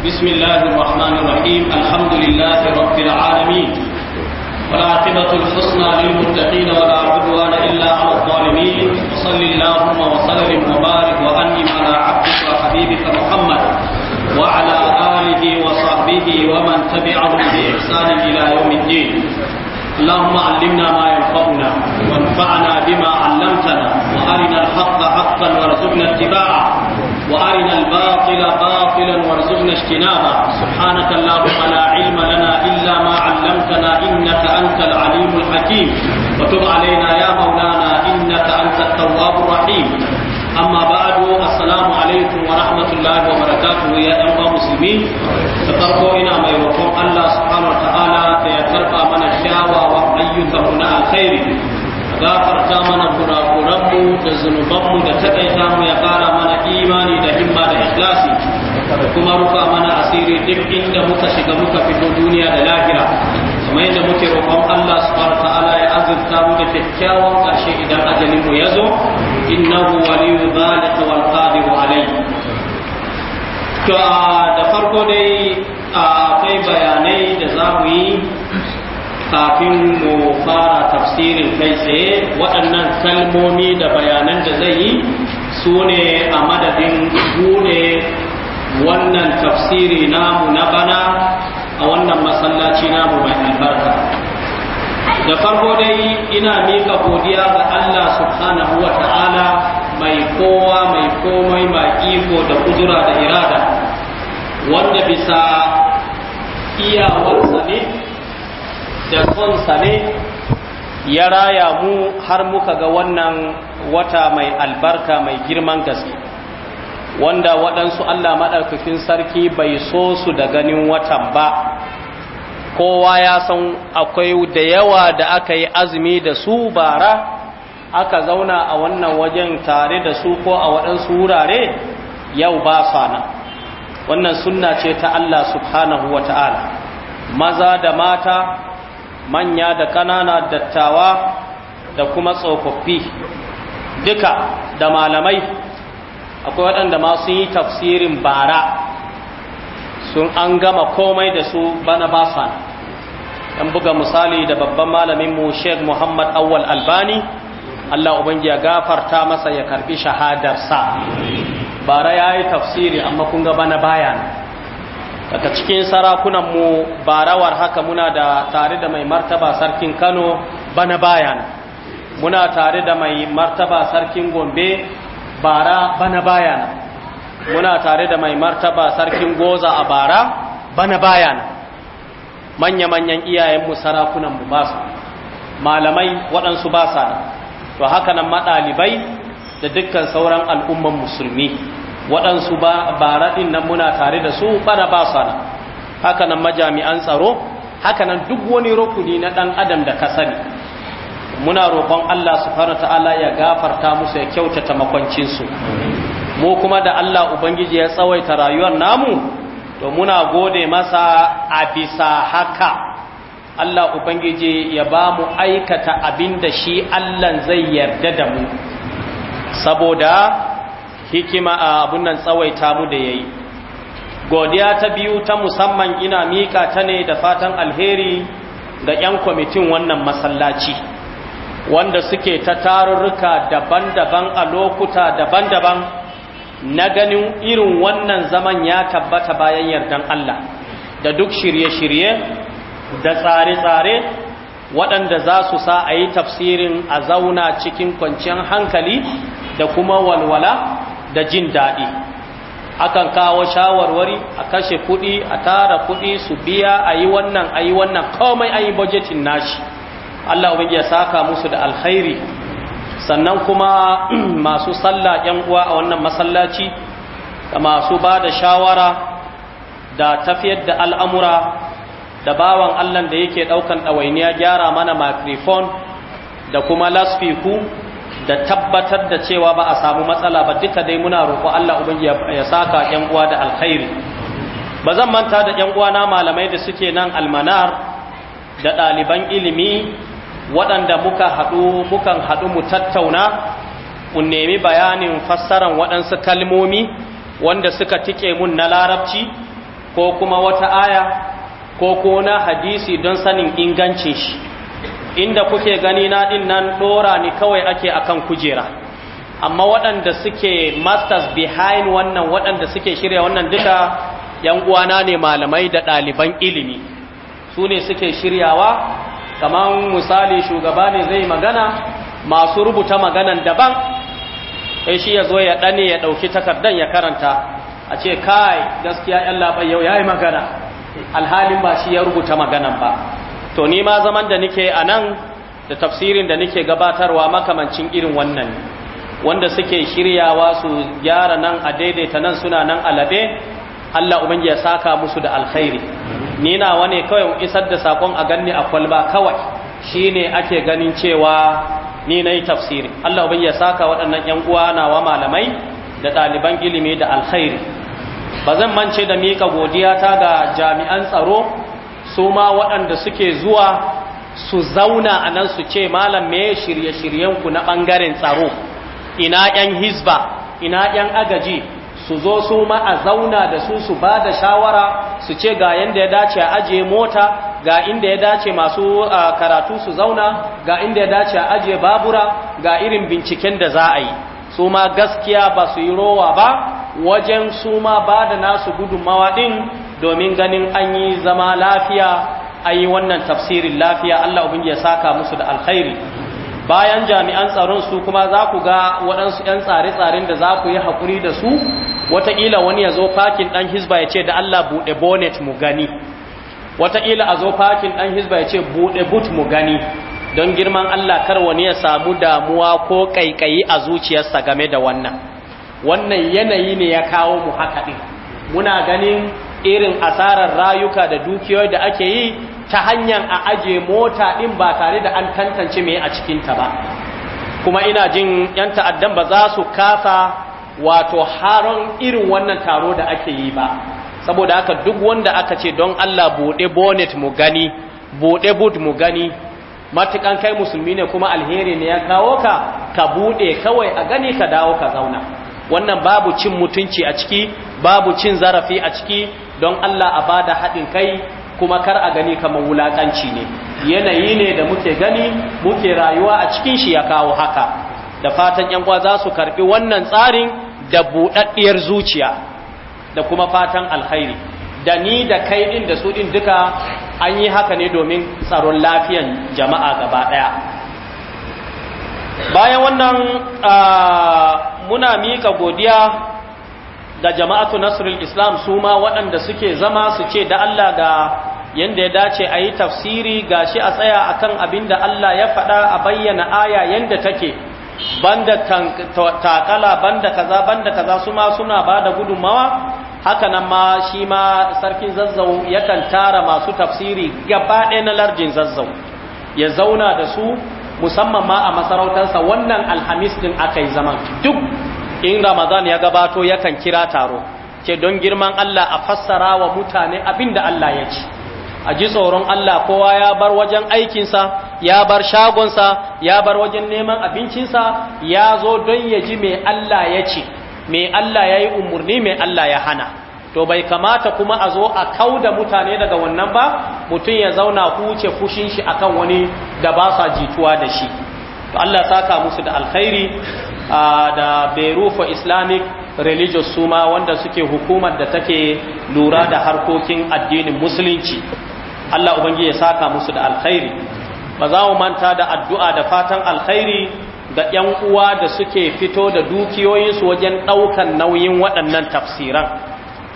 بسم الله الرحمن الرحيم الحمد لله رب العالمين والعاقبة الحسنى للمتقين ولا عدوان إلا على الظالمين صل اللهم وسلم وبارك وأنم على عبدك وحبيبك محمد وعلى آله وصحبه ومن تبعهم بإحسان إلى يوم الدين اللهم علمنا ما ينفعنا وانفعنا بما علمتنا وارنا الحق حقا وارزقنا اتباعه وارنا الباطل باطلا وارزقنا اجتنابه سبحانك اللهم لا علم لنا الا ما علمتنا انك انت العليم الحكيم وتب علينا يا مولانا انك انت التواب الرحيم اما بعد السلام عليكم ورحمه الله وبركاته يا ايها المسلمين تفرقوا الى ما يوفق الله سبحانه وتعالى فيتلقى من الشاوى وايكم من الخير gafarta mana kurakuranmu da zunubanmu da taƙaita mu ya ƙara mana imani da himma da ikhlasi da kuma rufa mana asiri duk inda muka shiga muka fito duniya da lahira kamar yadda muke roƙon Allah subhanahu ta'ala ya azurta mu da kyakkyawan ƙarshe idan ajalin mu yazo innahu waliyyu dhalika wal qadiru alayhi to da farko dai akwai bayanai da za mu yi kafin mu fara tafsirin kai tsaye waɗannan kalmomi da bayanan da zai yi su ne a madadin gune wannan tafsiri namu na bana a wannan masallaci namu mai albarka da farko dai ina miƙa godiya ga Allah subhanahu wa ta'ala mai kowa mai komai mai iko da kudura da irada wanda bisa iyawarsa ne da ne ya raya mu har muka ga wannan wata mai albarka mai girman gaske wanda waɗansu Allah maɗarkakin sarki bai so su da ganin watan ba kowa ya san akwai da yawa da aka yi azumi da su bara aka zauna a wannan wajen tare da su ko a waɗansu wurare yau ba sana wannan sunna ce ta Allah subhanahu wa ta'ala maza da mata manya da ƙanana dattawa da kuma tsofaffi duka da malamai akwai waɗanda ma sun yi tafsirin bara sun an gama komai da su bana basan ɗan buga misali da babban malamin mu sheikh muhammad awwal albani allah ubangi ya gafarta masa ya karbi shahadarsa bara ya yi tafsiri amma kun ga bana bayan daga cikin sarakunan mu barawar haka muna da tare da mai martaba sarkin kano bana bayan muna tare da mai martaba sarkin gombe bara bana bayan muna tare da mai martaba sarkin goza a bara bana bayan manya-manyan iyayenmu sarakunanmu ba su malamai waɗansu ba sa to haka nan maɗalibai da dukkan sauran al'umman musulmi waɗansu ba raɗin nan muna tare da su bana ba sana haka nan majami'an tsaro hakanan duk wani rukuni na ɗan adam da ka sani muna roƙon Allah subhanahu ta'ala ya gafarta musu ya kyautata makwancinsu mu kuma da Allah ubangiji ya tsawaita rayuwar namu to muna gode masa a bisa haka Allah ubangiji ya ba mu aikata abin da shi Allah zai yarda da mu saboda hikima a abun nan tsawaita mu da yayi godiya ta biyu ta musamman ina mika ta ne da fatan alheri ga 'yan kwamitin wannan masallaci wanda suke ta tarurruka daban-daban a lokuta daban-daban na ganin irin wannan zaman ya tabbata bayan yardan Allah da duk shirye-shirye da tsare-tsare waɗanda za su sa a yi tafsirin a zauna cikin kwanciyar hankali da kuma walwala da jin daɗi akan kawo shawarwari a kashe kuɗi a tara kuɗi su biya a yi wannan a yi wannan komai a yi bajetin nashi Allah wani ya saka musu da alkhairi sannan kuma masu sallah yan uwa a wannan masallaci da masu ba da shawara da tafiyar da al'amura da bawan Allah da yake ɗaukan ɗawainiya gyara mana microphone da kuma lasfiku. da tabbatar da cewa ba a samu matsala ba duka dai muna roƙo Allah ubangi ya saka yan uwa da alkhairi ba zan manta da yan uwa na malamai da suke nan almanar da ɗaliban ilimi waɗanda muka haɗu mukan haɗu mu tattauna mu nemi bayanin fassaran waɗansu kalmomi wanda suka tike mun na larabci ko kuma wata aya ko ko na hadisi don sanin ingancin shi inda kuke gani na din nan dora ni kawai ake akan kujera amma waɗanda suke masters behind wannan waɗanda suke shirya wannan duka yan uwana ne malamai da ɗaliban ilimi su ne suke shiryawa kamar misali shugaba ne zai magana masu rubuta maganan daban sai shi ya zo ya ɗane ya ɗauki takardan ya karanta a ce kai gaskiya yan labai yau ya yi magana alhalin ba shi ya rubuta maganan ba to ni ma zaman da nike a nan da tafsirin da nike gabatarwa makamancin irin wannan wanda suke shiryawa su gyara nan a daidaita nan suna nan alabe Allah ubangi ya saka musu da alkhairi ni na ne kawai isar da sakon a ganni a kwalba kawai shine ake ganin cewa ni nayi tafsiri Allah ubangi ya saka waɗannan yan uwa nawa malamai da ɗaliban ilimi da alkhairi ba zan mance da mika godiya ta ga jami'an tsaro su ma waɗanda suke zuwa su zauna a nan su ce malam me shirye-shiryenku na ɓangaren tsaro ina ‘yan hisba ina ‘yan agaji su zo su ma a zauna da su su ba da shawara su ce ga yadda ya dace a ajiye mota ga inda ya dace masu karatu su zauna ga inda ya dace a ajiye babura ga irin binciken da za a yi su ma gaskiya ba su yi rowa ba wajen su ma ba da nasu gudunmawa ɗin domin ganin an yi zama lafiya an yi wannan tafsirin lafiya Allah ubin ya saka musu da alkhairi bayan jami'an tsaron su kuma za ku ga waɗansu 'yan tsare-tsaren da za ku yi haƙuri da su wataƙila wani ya zo fakin ɗan hizba ya ce da Allah buɗe bonnet mu gani wataƙila a zo fakin ɗan hisba ya ce buɗe but mu gani don girman Allah kar wani ya samu damuwa ko ƙaiƙayi a zuciyarsa game da wannan wannan yanayi ne ya kawo mu haka ɗin muna ganin irin asarar rayuka da dukiyoyi da ake yi ta hanyar a aje mota ɗin ba tare da an tantance mai a cikinta ba kuma ina jin 'yan ta'addan ba za su kasa wato haron irin wannan taro da ake yi ba saboda haka duk wanda aka ce don Allah buɗe bonnet mu gani buɗe boot mu gani matukan kai musulmi ne kuma alheri ne ya kawo ka ka buɗe kawai a gani ka dawo ka zauna wannan babu cin mutunci a ciki babu cin zarafi a ciki don Allah a bada haɗin kai kuma kar a gani kamar wulaƙanci ne yanayi ne da muke gani muke rayuwa a cikin shi ya kawo haka da fatan yan uwa za su karɓi wannan tsarin da buɗaɗɗiyar zuciya da kuma fatan alkhairi da ni da kai ɗin da su ɗin duka an yi haka ne domin tsaron lafiyan jama'a gaba ɗaya bayan wannan ah, muna miƙa godiya da jama'atu nasrul islam su ma waɗanda suke zama su ce da Allah ga yanda ya dace a yi tafsiri ga shi a tsaya a kan abin da Allah ya faɗa a bayyana aya yanda take banda takala banda kaza banda kaza su ma suna ba da gudunmawa haka nan ma shi ma sarkin zazzau yakan tara masu tafsiri gaba ɗaya na larjin zazzau ya zauna da su musamman ma a masarautarsa wannan alhamis din aka yi zaman duk in ramadan ya gabato yakan kira taro ce don girman Allah a fassara wa mutane abin da Allah ya ci a ji tsoron Allah kowa ya bar wajen aikinsa ya bar shagonsa ya bar wajen neman abincinsa ya zo don ya ji mai Allah ya ci mai Allah ya yi umarni mai Allah ya hana to bai kamata kuma a zo a kau da mutane daga wannan ba mutum ya zauna huce fushin shi akan wani da ba sa jituwa da shi to Allah saka musu da alkhairi da berufa Islamic Religious Suma wanda suke hukumar da take lura da harkokin addinin musulunci Allah ubangi ya saka musu da alkhairi ba za mu manta da addu'a da fatan alkhairi ga ‘yan uwa da suke fito da dukiyoyinsu wajen ɗaukan nauyin waɗannan tafsiran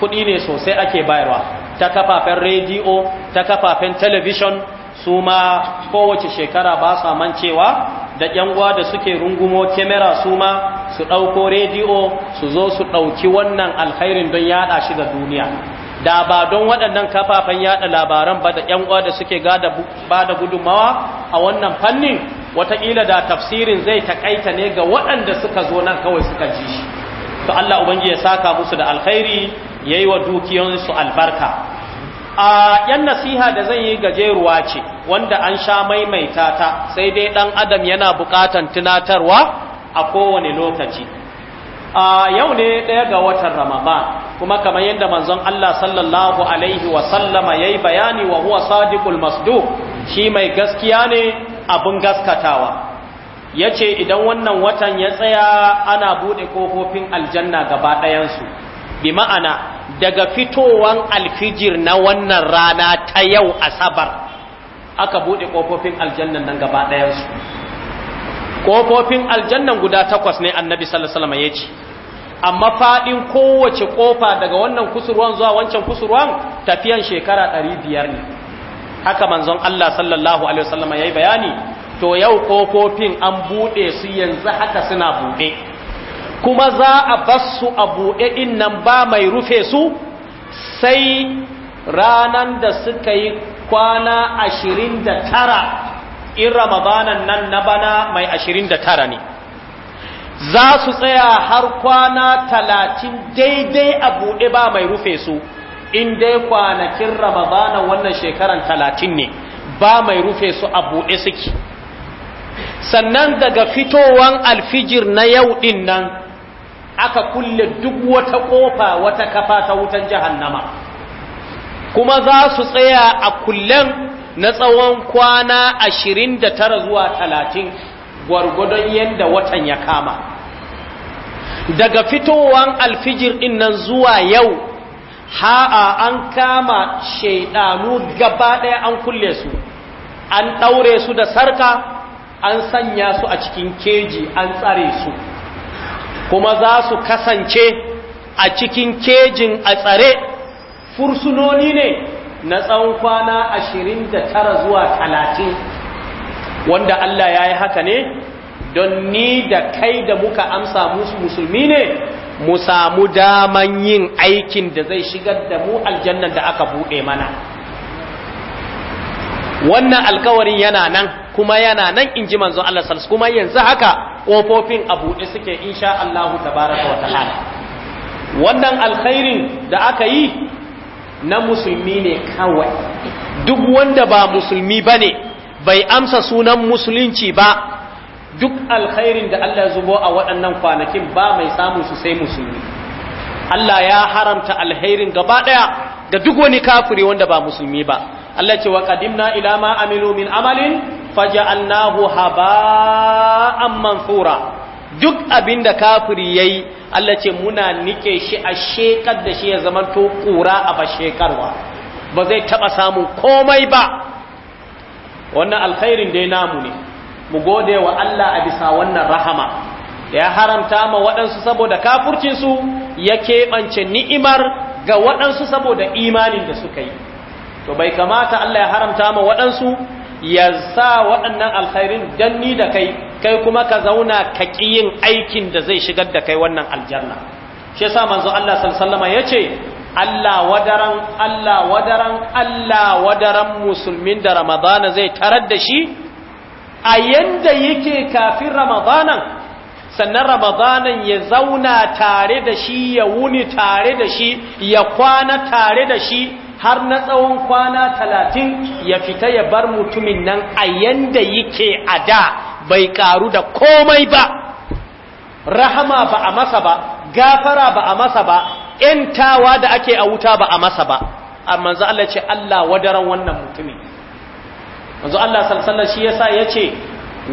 kuɗi ne sosai ake bayarwa ta kafafen rediyo ta kafafen talabishin su ma kowace shekara ba su mancewa da uwa da suke rungumo kyamara su ma su ɗauko rediyo su zo su ɗauki wannan alkhairin don yaɗa shi ga duniya da ba don waɗannan kafafen yaɗa labaran ba da uwa da suke ba da gudunmawa a wannan fannin wataƙila da tafsirin zai taƙaita ne ga waɗanda suka zo nan kawai suka ji shi to Allah ubangi ya saka musu da alkhairi yi wa dukiyansu albarka a yan nasiha da zan yi gajeruwa ce wanda an sha maimaita ta sai dai ɗan adam yana buƙatan tunatarwa a kowane lokaci a yau ne ɗaya ga watan ramadan kuma kamar yadda manzon Allah sallallahu alaihi wa sallama yayi bayani wa huwa sadiqul masduq shi mai gaskiya ne abun gaskatawa yace idan wannan watan ya tsaya ana bude kofofin aljanna gaba su bi ma'ana daga fitowan alfijir na wannan rana ta yau asabar aka bude kofofin aljannan nan gaba su. Kofofin aljannan guda takwas ne annabi sallallahu wasallam yace amma faɗin kowace ƙofa daga wannan kusurwan zuwa wancan kusurwan tafiyan shekara ɗari biyar ne haka manzon Allah sallallahu alaihi wasallam ya bayani to yau kofofin an buɗe su yanzu haka suna buɗe kuma za a basu a buɗe nan ba mai rufe su sai ranan da suka yi kwana ashirin da tara in ramadanan nan na bana mai ashirin da tara ne za su tsaya har kwana talatin daidai a buɗe ba mai rufe su in dai kwanakin ramadana wannan shekaran talatin ne ba mai rufe su a buɗe suke sannan daga fitowan alfijir na yau ɗin nan aka kulle duk wata ƙofa wata kafa ta wutan jahannama kuma za su tsaya a kullen na tsawon kwana ashirin da tara zuwa talatin gwargwadon yadda watan ya kama daga fitowar alfijir ɗin nan zuwa yau ha'a an kama shaidanu gaba ɗaya an kulle su an ɗaure su da sarka an sanya su a cikin keji an tsare su kuma za su kasance a cikin kejin a tsare fursunoni ne na tsawon kwana ashirin da tara zuwa talatin wanda Allah ya yi haka ne don ni da kai da muka amsa musu musulmi ne mu samu daman yin aikin da zai shigar da mu aljannan da aka buɗe mana wannan alkawarin yana nan kuma yana nan in ji Allah sallallahu kuma yanzu haka kofofin a buɗe suke insha Allah tabaraka wa ta'ala wannan alkhairin da aka yi na musulmi ne kawai duk wanda ba musulmi bane bai amsa sunan musulunci ba duk alkhairin da Allah zubo a waɗannan kwanakin ba mai samun su sai musulmi Allah ya haramta alkhairin gaba ɗaya ga duk wani kafiri wanda ba musulmi ba Allah ce wa qadimna ila ma amilu min amalin faja'alnahu haba'an mansura duk abinda kafiri yayi Allah ce muna nike shi a shekar da shi ya zamanto kura a bashekarwa ba zai taba samun komai ba wannan alkhairin dai namu ne mu gode wa Allah a bisa wannan rahama ya haramta ma waɗansu saboda kafurcinsu ya keɓance ni'imar ga waɗansu saboda imanin da suka yi to bai kamata Allah ya haramta ma waɗansu ya sa waɗannan alkhairin danni ni da kai kai kuma ka zauna ka yin aikin da zai shigar da kai wannan aljanna shi yasa manzo Allah sallallahu ya yace Allah wadaran Allah wadaran Allah wadaran musulmin da Ramadana zai tarar da shi a yanda yake kafin Ramadanan sannan ramadanan ya zauna tare da shi ya wuni tare da shi ya kwana tare da shi har na tsawon kwana talatin ya fita ya bar mutumin nan a yanda yake a da bai karu da komai ba rahama ba a masa ba gafara ba a masa ba tawa da ake a wuta ba a masa ba a manzo Allah ce Allah wadaran wannan mutumin manzo Allah salsallar shi yasa ya ce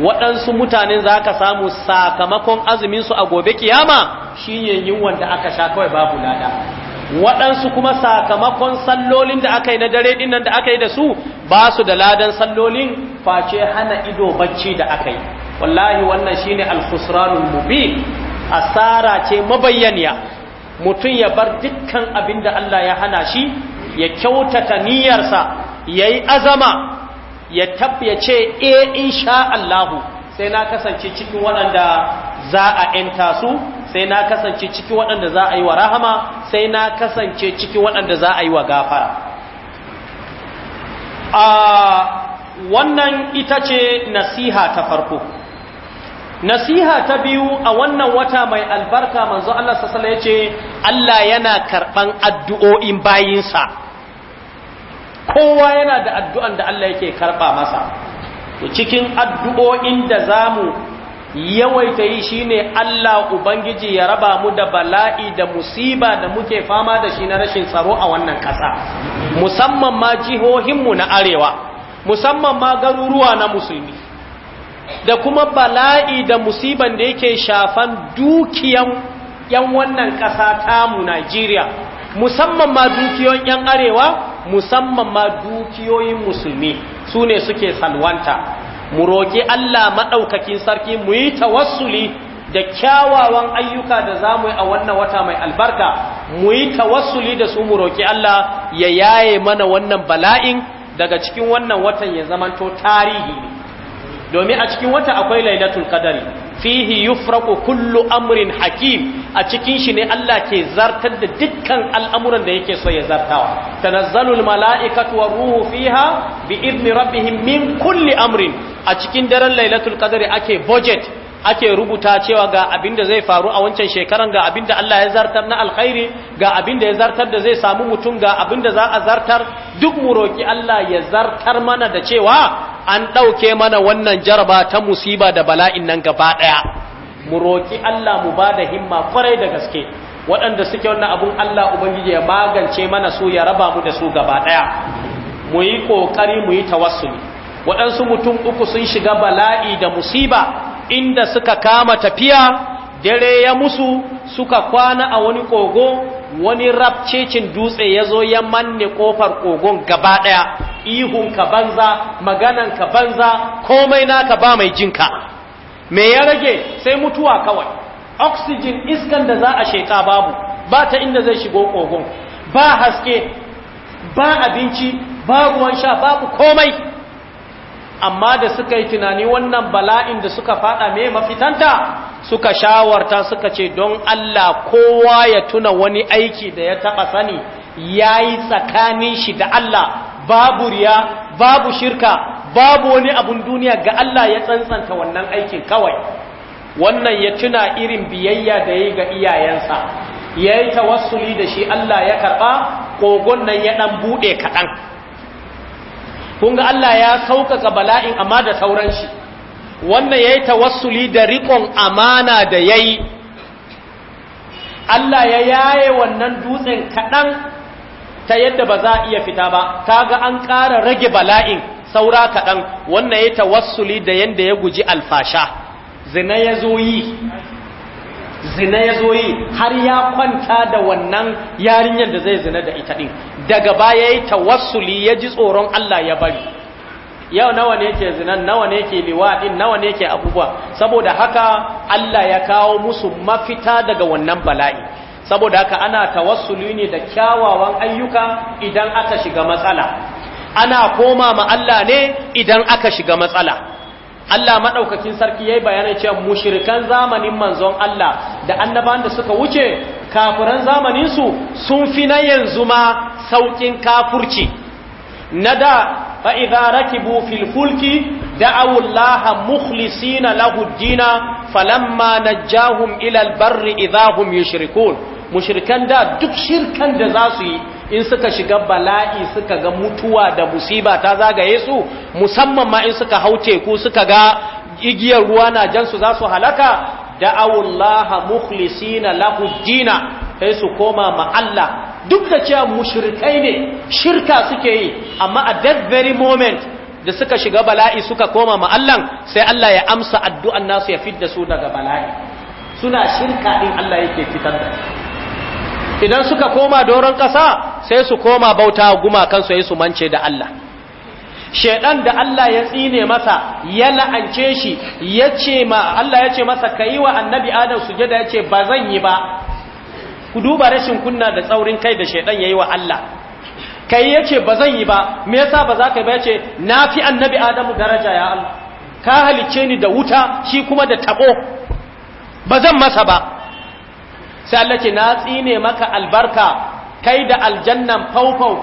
waɗansu mutane za ka samu sakamakon azumin su a gobe kiyama shi yin wanda aka sha kawai babu lada waɗansu kuma sakamakon sallolin da aka yi na dare ɗinnan da aka yi da su ba su da ladan sallolin face hana ido bacci da aka yi wallahi wannan shine alkhusranul mubi asara ce mabayyaniya mutum ya bar dukkan abin da Allah ya hana shi ya kyautata niyyarsa yayi azama ya tabbace eh, in sha Allahu sai na kasance cikin waɗanda za a ‘yanta su sai na kasance cikin waɗanda za a yi wa rahama sai na kasance cikin waɗanda za a yi wa gafara a wannan ita ce nasiha ta farko nasiha ta biyu a wannan wata mai albarka manzo Allah sassala ya ce Allah yana karɓan addu'o'in bayinsa kowa yana da addu'an da Allah yake karɓa masa to cikin addu'o'in da zamu yawaita yi shine Allah ubangiji ya raba mu da bala'i da musiba da muke fama da shi na rashin tsaro a wannan ƙasa musamman ma jihohinmu na arewa musamman ma garuruwa na musulmi da kuma bala'i da musiban da yake shafan dukiyan yan wannan ƙasa tamu Najeriya musamman ma dukiyoyin yan arewa musamman ma dukiyoyin musulmi su ne suke salwanta mu roƙi Allah maɗaukakin sarki mu yi tawassuli da kyawawan ayyuka da za mu yi a wannan wata mai albarka mu yi tawassuli da su mu roƙi Allah ya yaye mana wannan bala'in daga cikin wannan watan ya zamanto tarihi domin a cikin wata akwai lailatul qadari fihi yufraqu kullu amrin hakim a cikin shi ne Allah ke zartar da dukkan al'amuran da yake so ya zartawa tanazzalul mala'ikatu war ruhu fiha bi izni rabbihim min kulli amrin a cikin daren lailatul qadri ake budget ake rubuta cewa ga abin da zai faru a wancan shekaran ga abin da Allah ya zartar na alkhairi ga abin da ya zartar da zai samu mutum ga abin da za a zartar duk mu roki Allah ya zartar mana da cewa an ɗauke mana wannan jaraba ta musiba da bala'in nan gaba ɗaya mu roƙi Allah mu ba da himma kwarai da gaske waɗanda suke wannan abun Allah Ubangiji ya magance mana su ya raba mu da su gaba ɗaya mu yi ƙoƙari mu yi tawassuli waɗansu mutum uku sun shiga bala'i da musiba inda suka kama tafiya dare ya musu suka kwana a wani kogo wani rabcecin dutse ya zo ya manne kofar kogon gaba ɗaya ihunka banza magananka banza komai naka ba mai jinka me ya rage sai mutuwa kawai oxygen iskan da za a sheka babu ba ta inda zai shigo kogon ba haske ba abinci ba ruwan sha babu komai amma da suka yi tunani wannan bala'in da suka fada me mafitanta suka shawarta suka ce don Allah kowa ya tuna wani aiki da ya taba sani yayi tsakanin shi da Allah babu riya babu shirka babu wani abun duniya ga Allah ya tsantsanta wannan aikin kawai wannan ya tuna irin biyayya da ya yi ga iyayensa ya yi tawassuli da shi Allah ya karɓa kogon nan ya ɗan buɗe kaɗan kun ga Allah ya sauƙaƙa bala'in amma da sauran shi wannan ya yi tawassuli da riƙon amana da yayi. Allah ya yaye wannan dutsen kaɗan ta yadda ba za a iya fita ba ga an ƙara rage bala'in saura kaɗan wannan ya tawassuli da yadda ya guji alfasha zina ya zo yi zina ya zo yi har ya kwanta da wannan yarinyar da zai zina da ita ɗin daga baya ya tawassuli ya ji tsoron Allah ya bari yau nawa ne ke zinan nawa ne ke ɗin nawa ne ke abubuwa saboda haka Allah ya kawo musu mafita daga wannan bala'i saboda haka ana tawassuli ne da kyawawan ayyuka idan aka shiga matsala ana koma ma Allah ne idan aka shiga matsala Allah maɗaukakin sarki ya yi bayanin cewa mushirikan zamanin manzon Allah da annaban da suka wuce kafiran zamaninsu sun fi na yanzu ma sauƙin kafurci na da fa idza rakibu fil fulki da'aw Allah mukhlisina lahu ad-dina falamma najjahum ila al-barri idza hum yushrikun da duk shirkan da za su yi in suka shiga bala'i suka ga mutuwa da musiba ta zagaye su musamman ma in suka hau teku suka ga igiyar ruwa na jansu za su halaka da'awullaha mukhlisina lahu dina sai su koma ma Allah duk da cewa mushrikai ne shirka suke yi amma a that very moment da suka shiga bala'i suka koma ma Allah sai Allah ya amsa addu'an nasu ya fidda su daga bala'i suna shirka din Allah yake fitar da idan suka koma doron ƙasa sai su koma bauta gumakan su su mance da Allah Shaiɗan da Allah ya tsine masa ya la'ance shi ya ce ma Allah ya ce masa ka yi wa annabi adam sujada ya ce ba zan yi ba ku duba rashin kunna da tsaurin kai da shaidan yayi wa Allah kai yace bazan yi ba me yasa ba za ka ba yace nafi annabi adamu daraja ya Allah ka halice ni da wuta shi kuma da tabo bazan masa ba sai Allah ce na tsine maka albarka kai da aljannan fau fau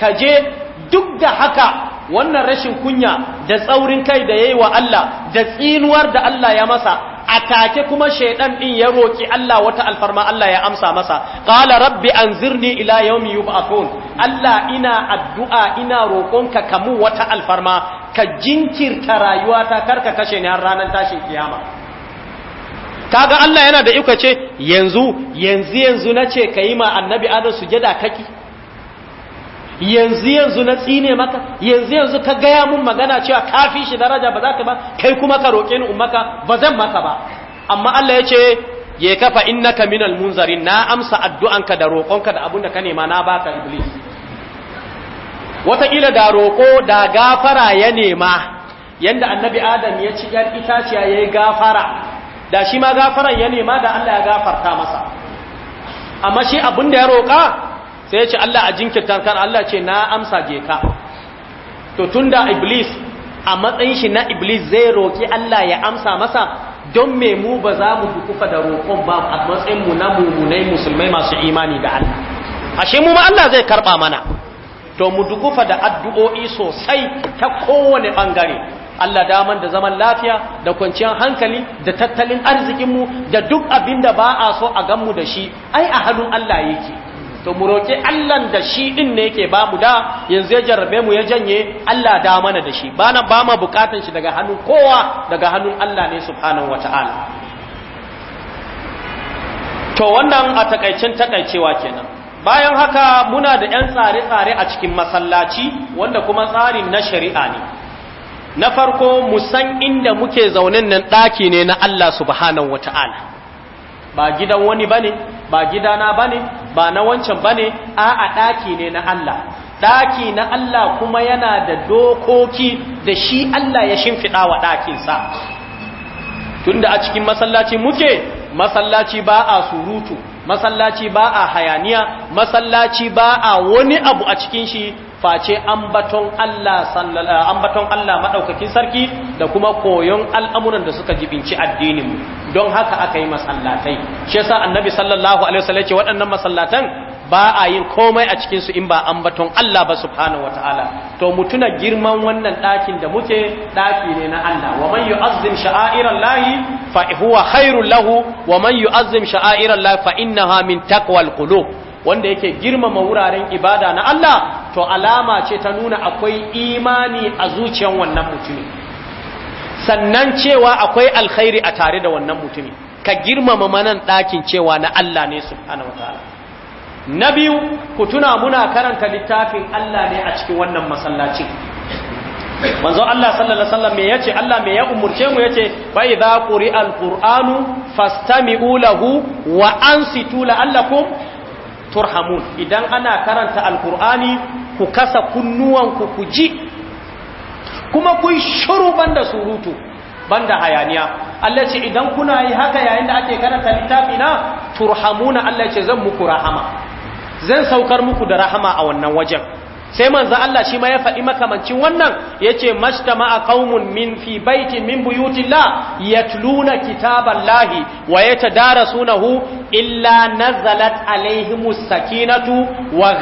ka je duk da haka wannan rashin kunya da tsaurin kai da yayi wa Allah da tsinuwar da Allah ya masa a take kuma shaidan din ya roki Allah wata alfarma Allah ya amsa masa qala rabbi anzirni ila yawmi yub'athun Allah ina addu'a ina roƙonka kamu wata alfarma ka jinkirta rayuwata karka kashe ni har ranar tashin kiyama kaga Allah yana da iko ce yanzu yanzu yanzu nace kayi ma annabi adam sujada kake yanzu yanzu na tsine maka yanzu yanzu ka gaya mun magana cewa kafi shi daraja ba za ka ba kai kuma ka roƙe ni ummaka ba zan maka ba amma Allah ya ce ya kafa innaka minal munzarin na amsa addu'anka da roƙonka da abun ka nema na baka iblis wataƙila da roƙo da gafara ya nema yanda annabi adam ya ci ‘yan itaciya ya yi gafara da shi ma gafaran ya nema da Allah ya gafarta masa amma shi abun ya roƙa sai ya ce Allah a jinkirtar kan Allah ce na amsa je ka to tunda iblis a matsayin shi na iblis zai roki Allah ya amsa masa don me mu ba za mu dukufa da roƙon ba a matsayin mu na mummunai musulmai masu imani da Allah ashe mu ma Allah zai karba mana to mu dukufa da addu'o'i sosai ta kowane bangare Allah daman da zaman lafiya da kwanciyar hankali da tattalin arzikinmu da duk abin da ba a so a ganmu da shi ai a hannun Allah yake to mu roki Allah da shi din ne yake ba mu da yanzu ya jarrabe mu ya janye Allah da mana da shi ba na ba ma bukatun shi daga hannun kowa daga hannun Allah ne subhanahu wataala to wannan a takaicen takaicewa kenan bayan haka muna da yan tsare-tsare a cikin masallaci wanda kuma tsarin na shari'a ne na farko mu san inda muke zaunen nan ɗaki ne na Allah subhanahu wataala ba gidan wani bane ba gidana ba ne? ba na wancan bane a a daki ne na Allah Ɗaki na Allah kuma yana da dokoki da shi Allah ya shimfiɗa wa ɗakinsa. sa tunda a cikin masallaci muke masallaci ba a surutu masallaci ba a hayaniya masallaci ba a wani abu a cikin shi face ambaton Allah eh, ambaton madaukakin sarki da kuma koyon al'amuran da suka jibinci addinin mu don haka aka yi masallatai shi yasa annabi sallallahu alaihi wasallam ce waɗannan masallatan ba a yin komai a cikin su in ba ambaton Allah ba subhanahu wataala to mutuna girman wannan ɗakin da muke ɗaki ne na Allah wa man lahi huwa lahu wa man yu'azzim sha'airan lahi min taqwal wanda yake girmama wuraren ibada na Allah to alama ce ta nuna akwai imani a zuciyar wannan mutumin sannan cewa akwai alkhairi a tare da wannan mutumin ka girmama manan ɗakin cewa na Allah ne subhanahu wataala na biyu ku tuna muna karanta littafin Allah ne a cikin wannan masallacin manzo Allah sallallahu alaihi wasallam me yace Allah me ya umurce mu yace fa idza quri'al qur'anu fastami'u lahu wa ansitu la'allakum turhamun idan ana karanta alkur'ani ku kasa kunnuwanku ku ji kuma kun shuru banda surutu banda hayaniya Allah ce idan kuna yi haka yayin da ake karanta littafi na turhamuna Allah ce zan muku rahama zan saukar muku da rahama a wannan wajen sai manzo Allah shi ma ya faɗi makamancin wannan yace a kaumun min fi baitin min buyutillah yatluna kitaballahi wa hu illa nazalat alaihimus sakinatu wa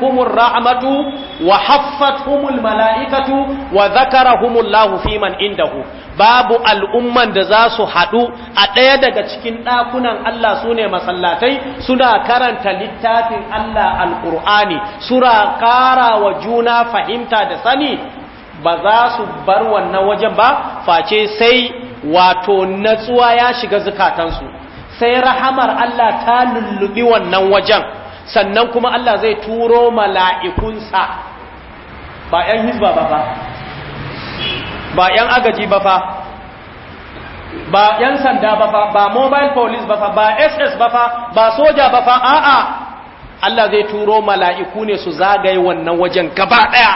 humun rahmatu wa haffat humun malaikatu wa zakara dhakarahumullahu fiman indahu babu al'umman da za su haɗu a ɗaya daga cikin ɗakunan Allah su ne masallatai suna karanta littafin Allah al'ur'ani suna ƙara wa juna fahimta da sani ba za su bar wannan wajen ba face sai wato natsuwa ya shiga zukatansu sai rahamar Allah ta lullubi wannan wajen sannan kuma Allah zai turo mala'ikunsa ba ‘yan hizba ba ba ba 'yan agaji ba fa ba 'yan sanda ba fa ba mobile police ba fa ba ss ba fa ba soja ba fa a'a Allah zai turo mala'iku ne su zagaye wannan wajen gaba ɗaya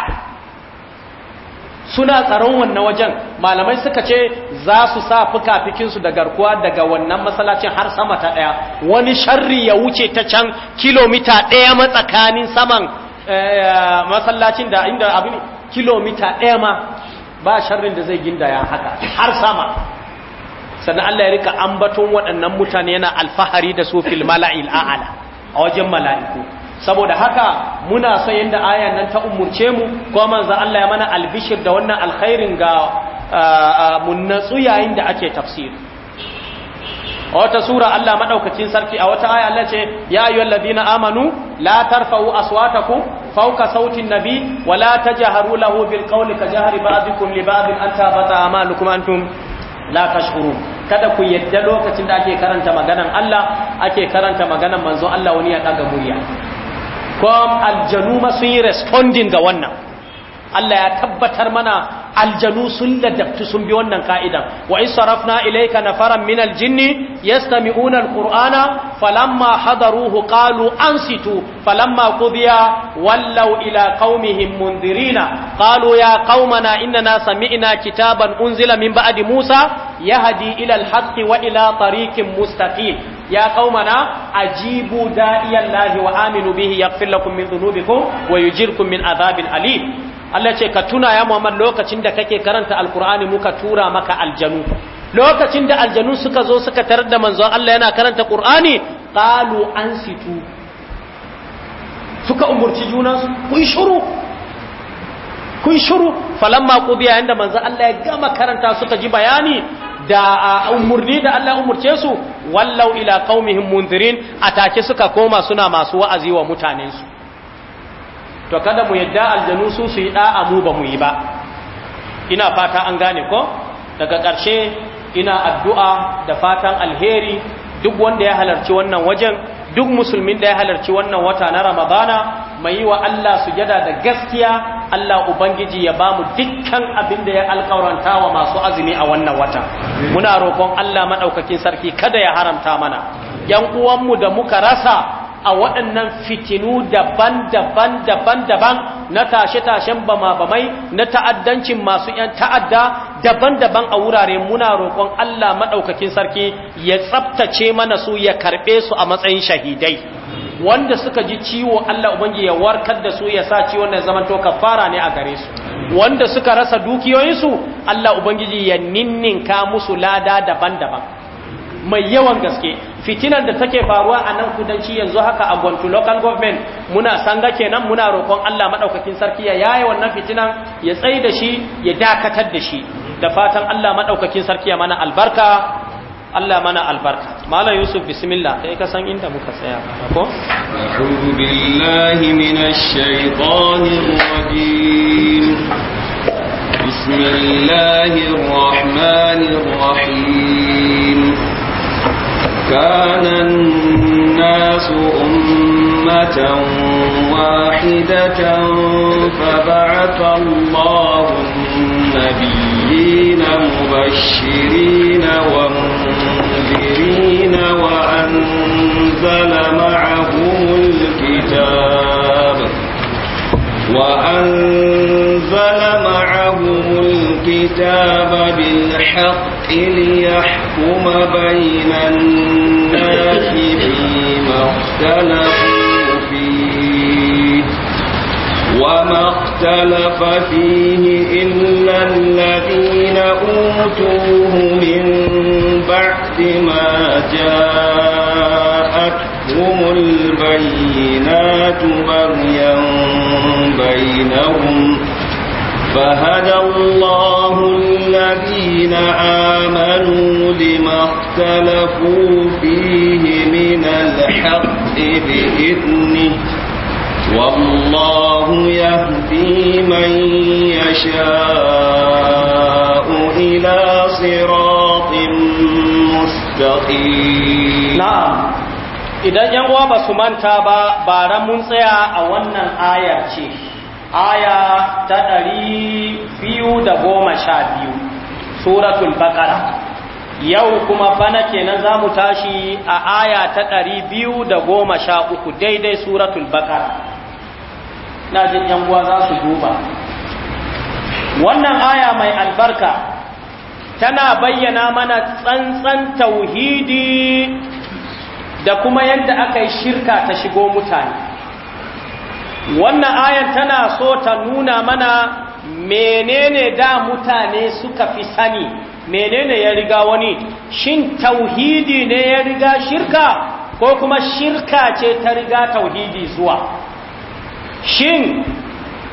suna tsaron wannan wajen malamai suka ce za su sa fuka su da garkuwa daga wannan masallacin har sama ta ɗaya wani sharri ya wuce ta can kilomita ɗaya matsakanin saman eh, masallacin da inda abin kilomita ɗaya ma ba sharrin da zai gindaya haka har sama sannan Allah ya rika ambaton waɗannan mutane yana alfahari da su fil mala'il a'ala a wajen mala'iku saboda haka muna son yanda ayan nan ta umurce mu ko manzo Allah ya mana albishir da wannan alkhairin ga mun natsu yayin da ake tafsiri a wata sura Allah madaukakin sarki a wata aya Allah ce ya ayyuhallazina amanu la tarfa'u aswatakum fawqa sautin nabi wala ta lahu bil qawli kajahri ba'dikum li ba'd an tabata amalukum antum la tashkurun kada ku yadda lokacin da ake karanta maganan Allah ake karanta maganar manzo Allah wani ya daga murya kom aljanu ma sun yi responding ga wannan Allah ya tabbatar mana aljanu sun ladabtu sun bi wannan ka'idan wa in sarafna ilayka nafaran min aljinni yastami'una alqur'ana falamma hadaruhu qalu ansitu falamma qudiya wallaw ila qaumihim mundirina qalu ya qaumana inna sami'na kitaban unzila min ba'di musa yahdi ila alhaqqi wa ila tariqin mustaqim ya kaumana ajibu da'iyan lahi wa aminu bihi yaghfir lakum min dhunubikum wa yujirkum min adhabin alim Allah ce ka tuna ya Muhammad lokacin da kake karanta alkur'ani muka tura maka aljanu lokacin da aljanu suka zo suka tarar da manzon Allah yana karanta qur'ani qalu ansitu suka umurci junansu kun shuru kun shuru falamma qudiya inda manzon Allah ya gama karanta suka ji bayani da umurni da Allah umurce su wallau ila qaumihim a atake suka koma suna masu wa'azi wa mutanensu to kada mu yadda aljanu su su yi da'a mu ba mu yi ba ina fata an gane ko daga ƙarshe ina addu'a da fatan alheri duk wanda ya halarci wannan wajen duk musulmin da ya halarci wannan wata na ramadana mai yi wa Allah su sujada da gaskiya Allah Ubangiji ya ba mu dukkan abin da ya alƙawaranta wa masu azumi a wannan wata muna roƙon Allah maɗaukakin sarki kada ya haramta mana ‘yan uwanmu da muka rasa a waɗannan fitinu daban-daban daban-daban na tashe-tashen bama-bamai na ta'addancin masu ‘yan ta'adda daban-daban a wurare muna roƙon Allah maɗaukakin sarki ya tsabtace mana su ya karɓe su a matsayin shahidai wanda suka ji ciwo Allah ubangi ya warkar da su ya sa ciwon na zamanto kafara ne a gare su wanda suka rasa dukiyoyinsu Allah ubangiji ya ninninka musu lada daban-daban mai yawan gaske fitinar da take faruwa a nan kudanci yanzu haka a gwantu local government muna sanga kenan muna roƙon Allah maɗaukakin sarki ya yaye wannan fitinan ya tsaye da shi ya dakatar da shi da fatan Allah maɗaukakin sarki ya mana albarka Allah mana albarka Malam Yusuf bismillah kai ka san inda muka tsaya ko A'udhu billahi minash shaitanir rajim Bismillahir rahmanir rahim كان الناس أمة واحدة فبعث الله النبيين مبشرين ومنذرين وأنزل معهم الكتاب وأنزل معهم الكتاب بالحق ليحكم بين الناس فيما اختلفوا فيه وما اختلف فيه إلا الذين أوتوه من بعد ما جاءتهم البينات بغيا بينهم فهدى الله الذين آمنوا لما اختلفوا فيه من الحق بإذنه والله يهدي من يشاء إلى صراط مستقيم نعم idan yan uwa su manta ba bara mun tsaya a wannan aya ce aya ta ɗari biyu da goma sha biyu suratul baqara yau kuma bana kenan za mu tashi a aya ta ɗari biyu da goma sha uku daidai suratul baqara na jin yan uwa za su duba wannan aya mai albarka tana bayyana mana tsantsan tauhidi da kuma yadda aka yi shirka ta shigo mutane wannan ayan tana so ta nuna mana menene da mutane suka fi sani menene ya riga wani shin tauhidi ne ya riga shirka ko kuma shirka ce ta riga tauhidi zuwa shin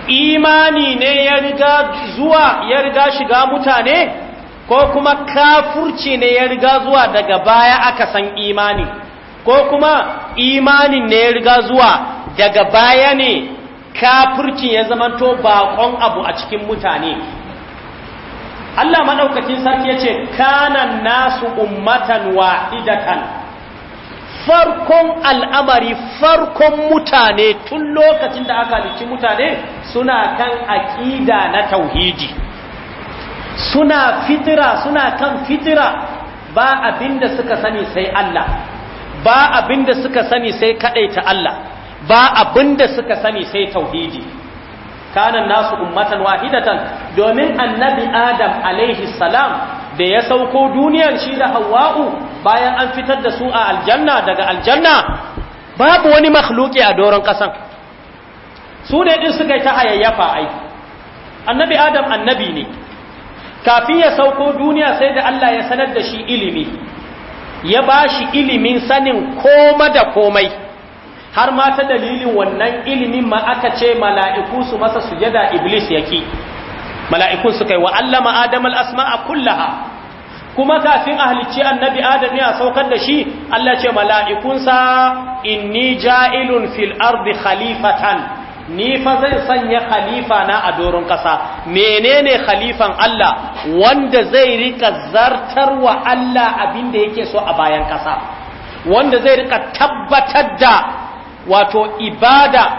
imani ne ya riga zuwa ya riga shiga mutane ko kuma kafurci ne ya riga zuwa daga baya aka san imani ko kuma imanin ne ya riga zuwa daga baya ne kafirci ya zamanto bakon abu a cikin mutane Allah maɗaukacin sarki ya ce kanan nasu ummatan wa'idatan farkon al'amari farkon mutane tun lokacin da aka liki mutane suna kan aƙida na tauhidi suna fitira suna kan fitira ba abinda suka sani sai Allah ba abinda suka sani sai kaɗaita Allah ba abinda suka sani sai tauhidi kanan nasu ummatan wahidatan domin annabi adam alaihi salam da ya sauko duniyar shi da hawa'u bayan an fitar da su a aljanna daga aljanna babu wani makhluki a doron kasan su ne din suka yi ta hayayyafa ai annabi adam annabi ne kafin ya sauko duniya sai da Allah ya sanar da shi ilimi ya ba shi ilimin sanin koma da komai har ma ta dalilin wannan ilimin ma aka ce mala'iku su masa sujada iblis yake mala'ikun suka yi wa allama adam a kullaha kuma kafin a halicci annabi adam ya saukar da shi Allah ce mala'ikunsa inni ja'ilun fil ardi khalifatan ni fa zai sanya khalifa na a doron ƙasa menene khalifan Allah wanda zai rika zartar wa Allah abin da yake so a bayan ƙasa wanda zai rika tabbatar da wato ibada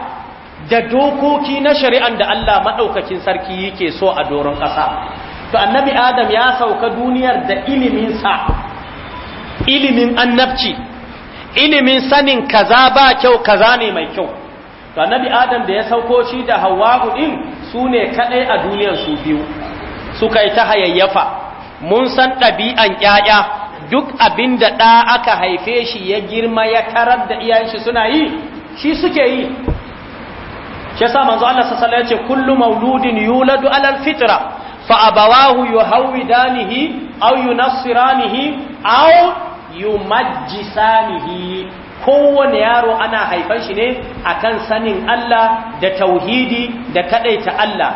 da dokoki na shari'an da Allah maɗaukakin sarki yake so a doron ƙasa to annabi adam ya sauka duniyar da iliminsa ilimin annabci ilimin sanin kaza ba kyau kaza ne mai kyau to annabi adam da ya sauko shi da Hauwa kuɗin, su ne kaɗai a duniyar su biyu suka yi ta hayayyafa mun san ɗabi'an ƴaƴa duk abin da ɗa aka haife shi ya girma ya karar da iyayen shi suna yi shi suke yi shi yasa manzo Allah sallallahu alaihi ya ce kullu mauludin yuladu alal fitra fa abawahu yuhawidanihi aw yunassiranihi aw yumajjisanihi kowane yaro ana haifan shi ne akan sanin Allah da tauhidi da kadaita Allah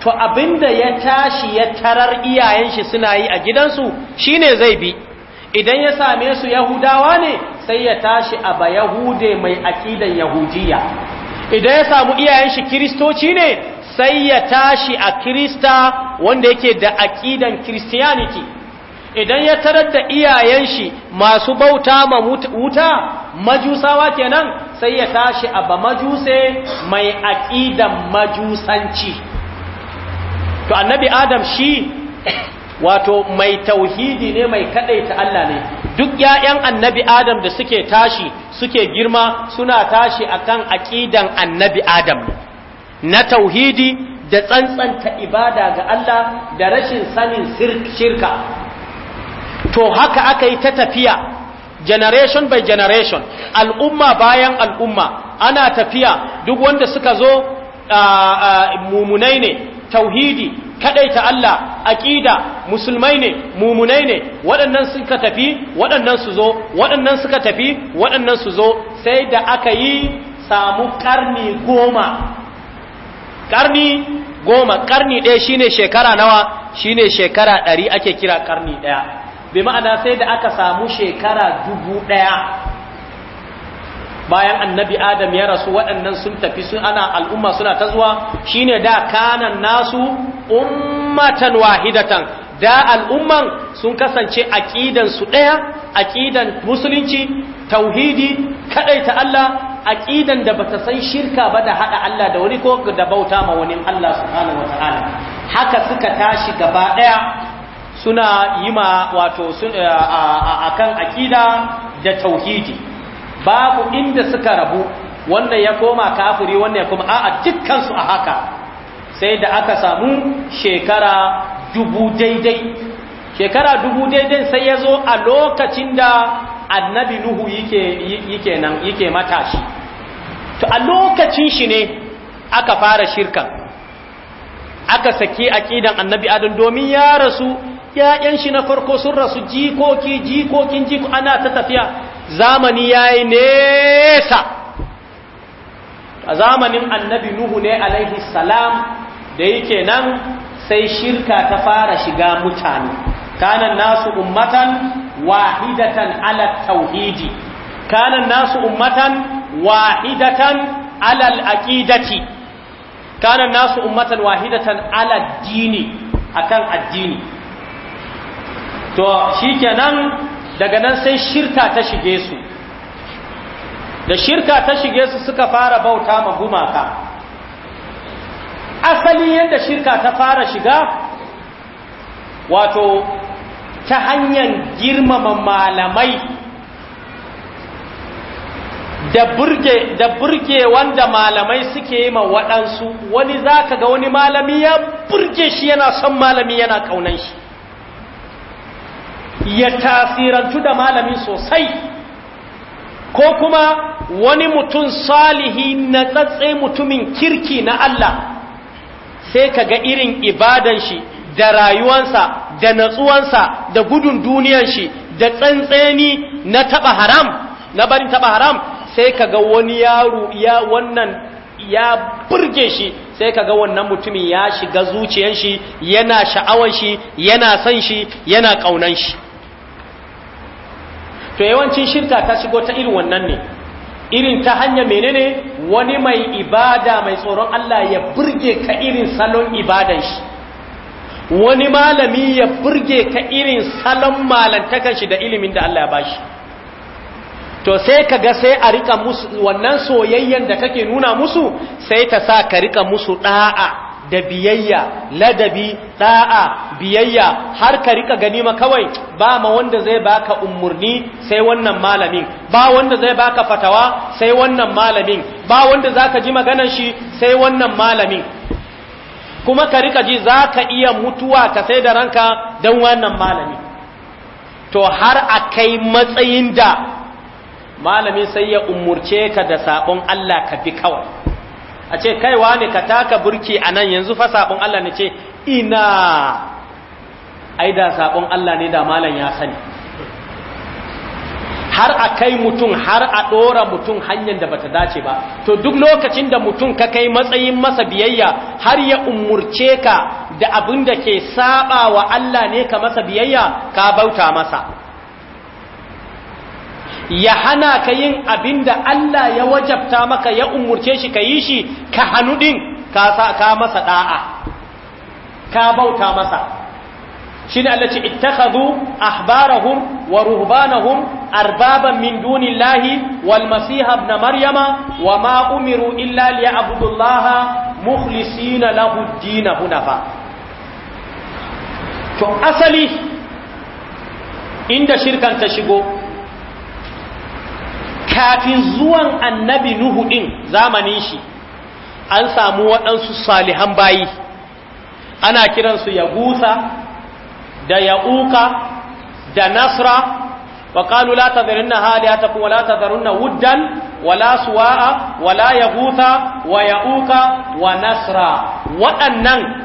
to abinda ya tashi ya tarar iyayen shi suna yi a gidansu shine zai bi idan ya same su yahudawa ne sai ya tashi a ba yahude mai aƙidan yahudiya idan ya samu iyayen shi kiristoci ne sai ya tashi a kirista wanda yake da aƙidan christianity idan ya tarar da iyayen shi masu bauta ma wuta majusawa kenan sai ya tashi a ba majuse mai aƙidan majusanci to annabi adam shi wato mai tauhidi ne mai kaɗai ta Allah ne duk ‘ya'yan annabi Adam da suke tashi suke girma suna tashi a kan aƙidan annabi Adam na tauhidi da tsantsanta ibada ga Allah da rashin sanin shirka. To haka aka yi ta tafiya, generation by generation, al'umma bayan al'umma, ana tafiya duk wanda suka zo mumunai ne, tauhidi, kadaita Allah aqida musulmai ne mumunai ne waɗannan suka tafi waɗannan su zo waɗannan suka tafi waɗannan su zo sai da aka yi samu karni goma karni goma karni ɗaya shine shekara nawa shine shekara ɗari ake kira karni ɗaya bi ma'ana sai da aka samu shekara dubu ɗaya bayan annabi adam ya rasu waɗannan sun tafi sun ana al'umma suna ta zuwa shine da kanan nasu ummatan wahidatan da al'umman sun kasance aqidan su daya aqidan musulunci tauhidi ta Allah aƙidan da bata san shirka ba da haɗa Allah da wani ko da bauta ma wani Allah subhanahu ta'ala haka suka tashi gaba ɗaya suna ma wato akan aƙida da tauhidi babu inda suka rabu wannan ya koma kafiri wannan ya koma a'a dukkansu a haka sai da aka samu shekara dubu daidai shekara dubu daidai sai ya zo a lokacin da annabi nuhu yake yake matashi to a lokacin shi ne aka fara shirkan aka saki aqidan annabi adam domin ya rasu ya'yan shi na farko sun rasu jikoki jikokin jiko ana ta tafiya zamani ya yi nesa a zamanin annabi nuhu ne alaihi salam da yake nan sai shirka ta fara shiga mutane kanan nasu ummatan wahidatan ala tauhidi kanan nasu ummatan wahidatan ala al'aqidati kanan nasu ummatan wahidatan ala akan addini to shikenan daga nan sai shirka ta shige su da shirka ta shige su suka fara bauta ma gumaka asali yadda shirka ta fara shiga wato ta hanyar girmama malamai da burge wanda malamai suke yi ma waɗansu wani za ka ga wani malami ya burge shi yana son malami yana ƙaunan shi ya tasirantu da malami sosai ko kuma wani mutum salihi na tsatse mutumin kirki na Allah sai ka ga irin ibadan shi da rayuwansa da natsuwansa da gudun duniyan shi da tsantseni na taba haram na barin taba haram sai ka ga wani yaro ya wannan ya burge shi sai ka ga wannan mutumin ya shiga zuciyar shi yana sha'awar shi yana son shi yana kaunan shi to yawancin shirka ta shigo ta irin wannan ne irin ta hanya menene wani mai ibada mai tsoron Allah ya burge ka irin salon ibadan shi wani malami ya burge ka irin salon malantakan shi da ilimin da Allah ya bashi to sai ka ga sai a rika musu wannan soyayyen da kake nuna musu sai ta sa ka rika musu da'a da biyayya ladabi da'a biyayya har ka rika gani ma kawai ba ma wanda zai baka umurni sai wannan malamin ba wanda zai baka fatawa sai wannan malamin ba wanda zaka ji maganar shi sai wannan malamin kuma ka rika ji zaka iya mutuwa ka sai da ranka dan wannan malamin to har a kai matsayin da malami sai ya umurce ka da sabon Allah ka bi kawai a ce kaiwa ne ka taka burki a nan yanzu fa sabon Allah ne ce ina ai da sabon Allah ne da malam ya sani har a kai mutum har a ɗora mutum hanyar da bata dace ba to duk lokacin da mutum ka kai matsayin masa biyayya har ya umurce ka da abin da ke saɓa wa Allah ne ka masa biyayya ka bauta masa ya hana ka yin abin da Allah ya wajabta maka ya umurce shi ka yi shi ka hannu ɗin ka masa ɗa'a ka bauta masa shi ne Allah ce ittakhadhu ahbarahum wa ruhbanahum arbaban min dunillahi wal masiha ibn maryama wa ma umiru illa liya'budullaha mukhlisina lahu ad-din hunafa to asali inda shirkan ta shigo kafin zuwan annabi nuhu ɗin zamanin shi an samu waɗansu salihan bayi ana kiransu Yahusa da ya'uka da nasra wa qalu la tadharunna halihatakum wa la tadharunna wuddan wa la suwa'a wa la Yahusa wa ya'uka wa nasra waɗannan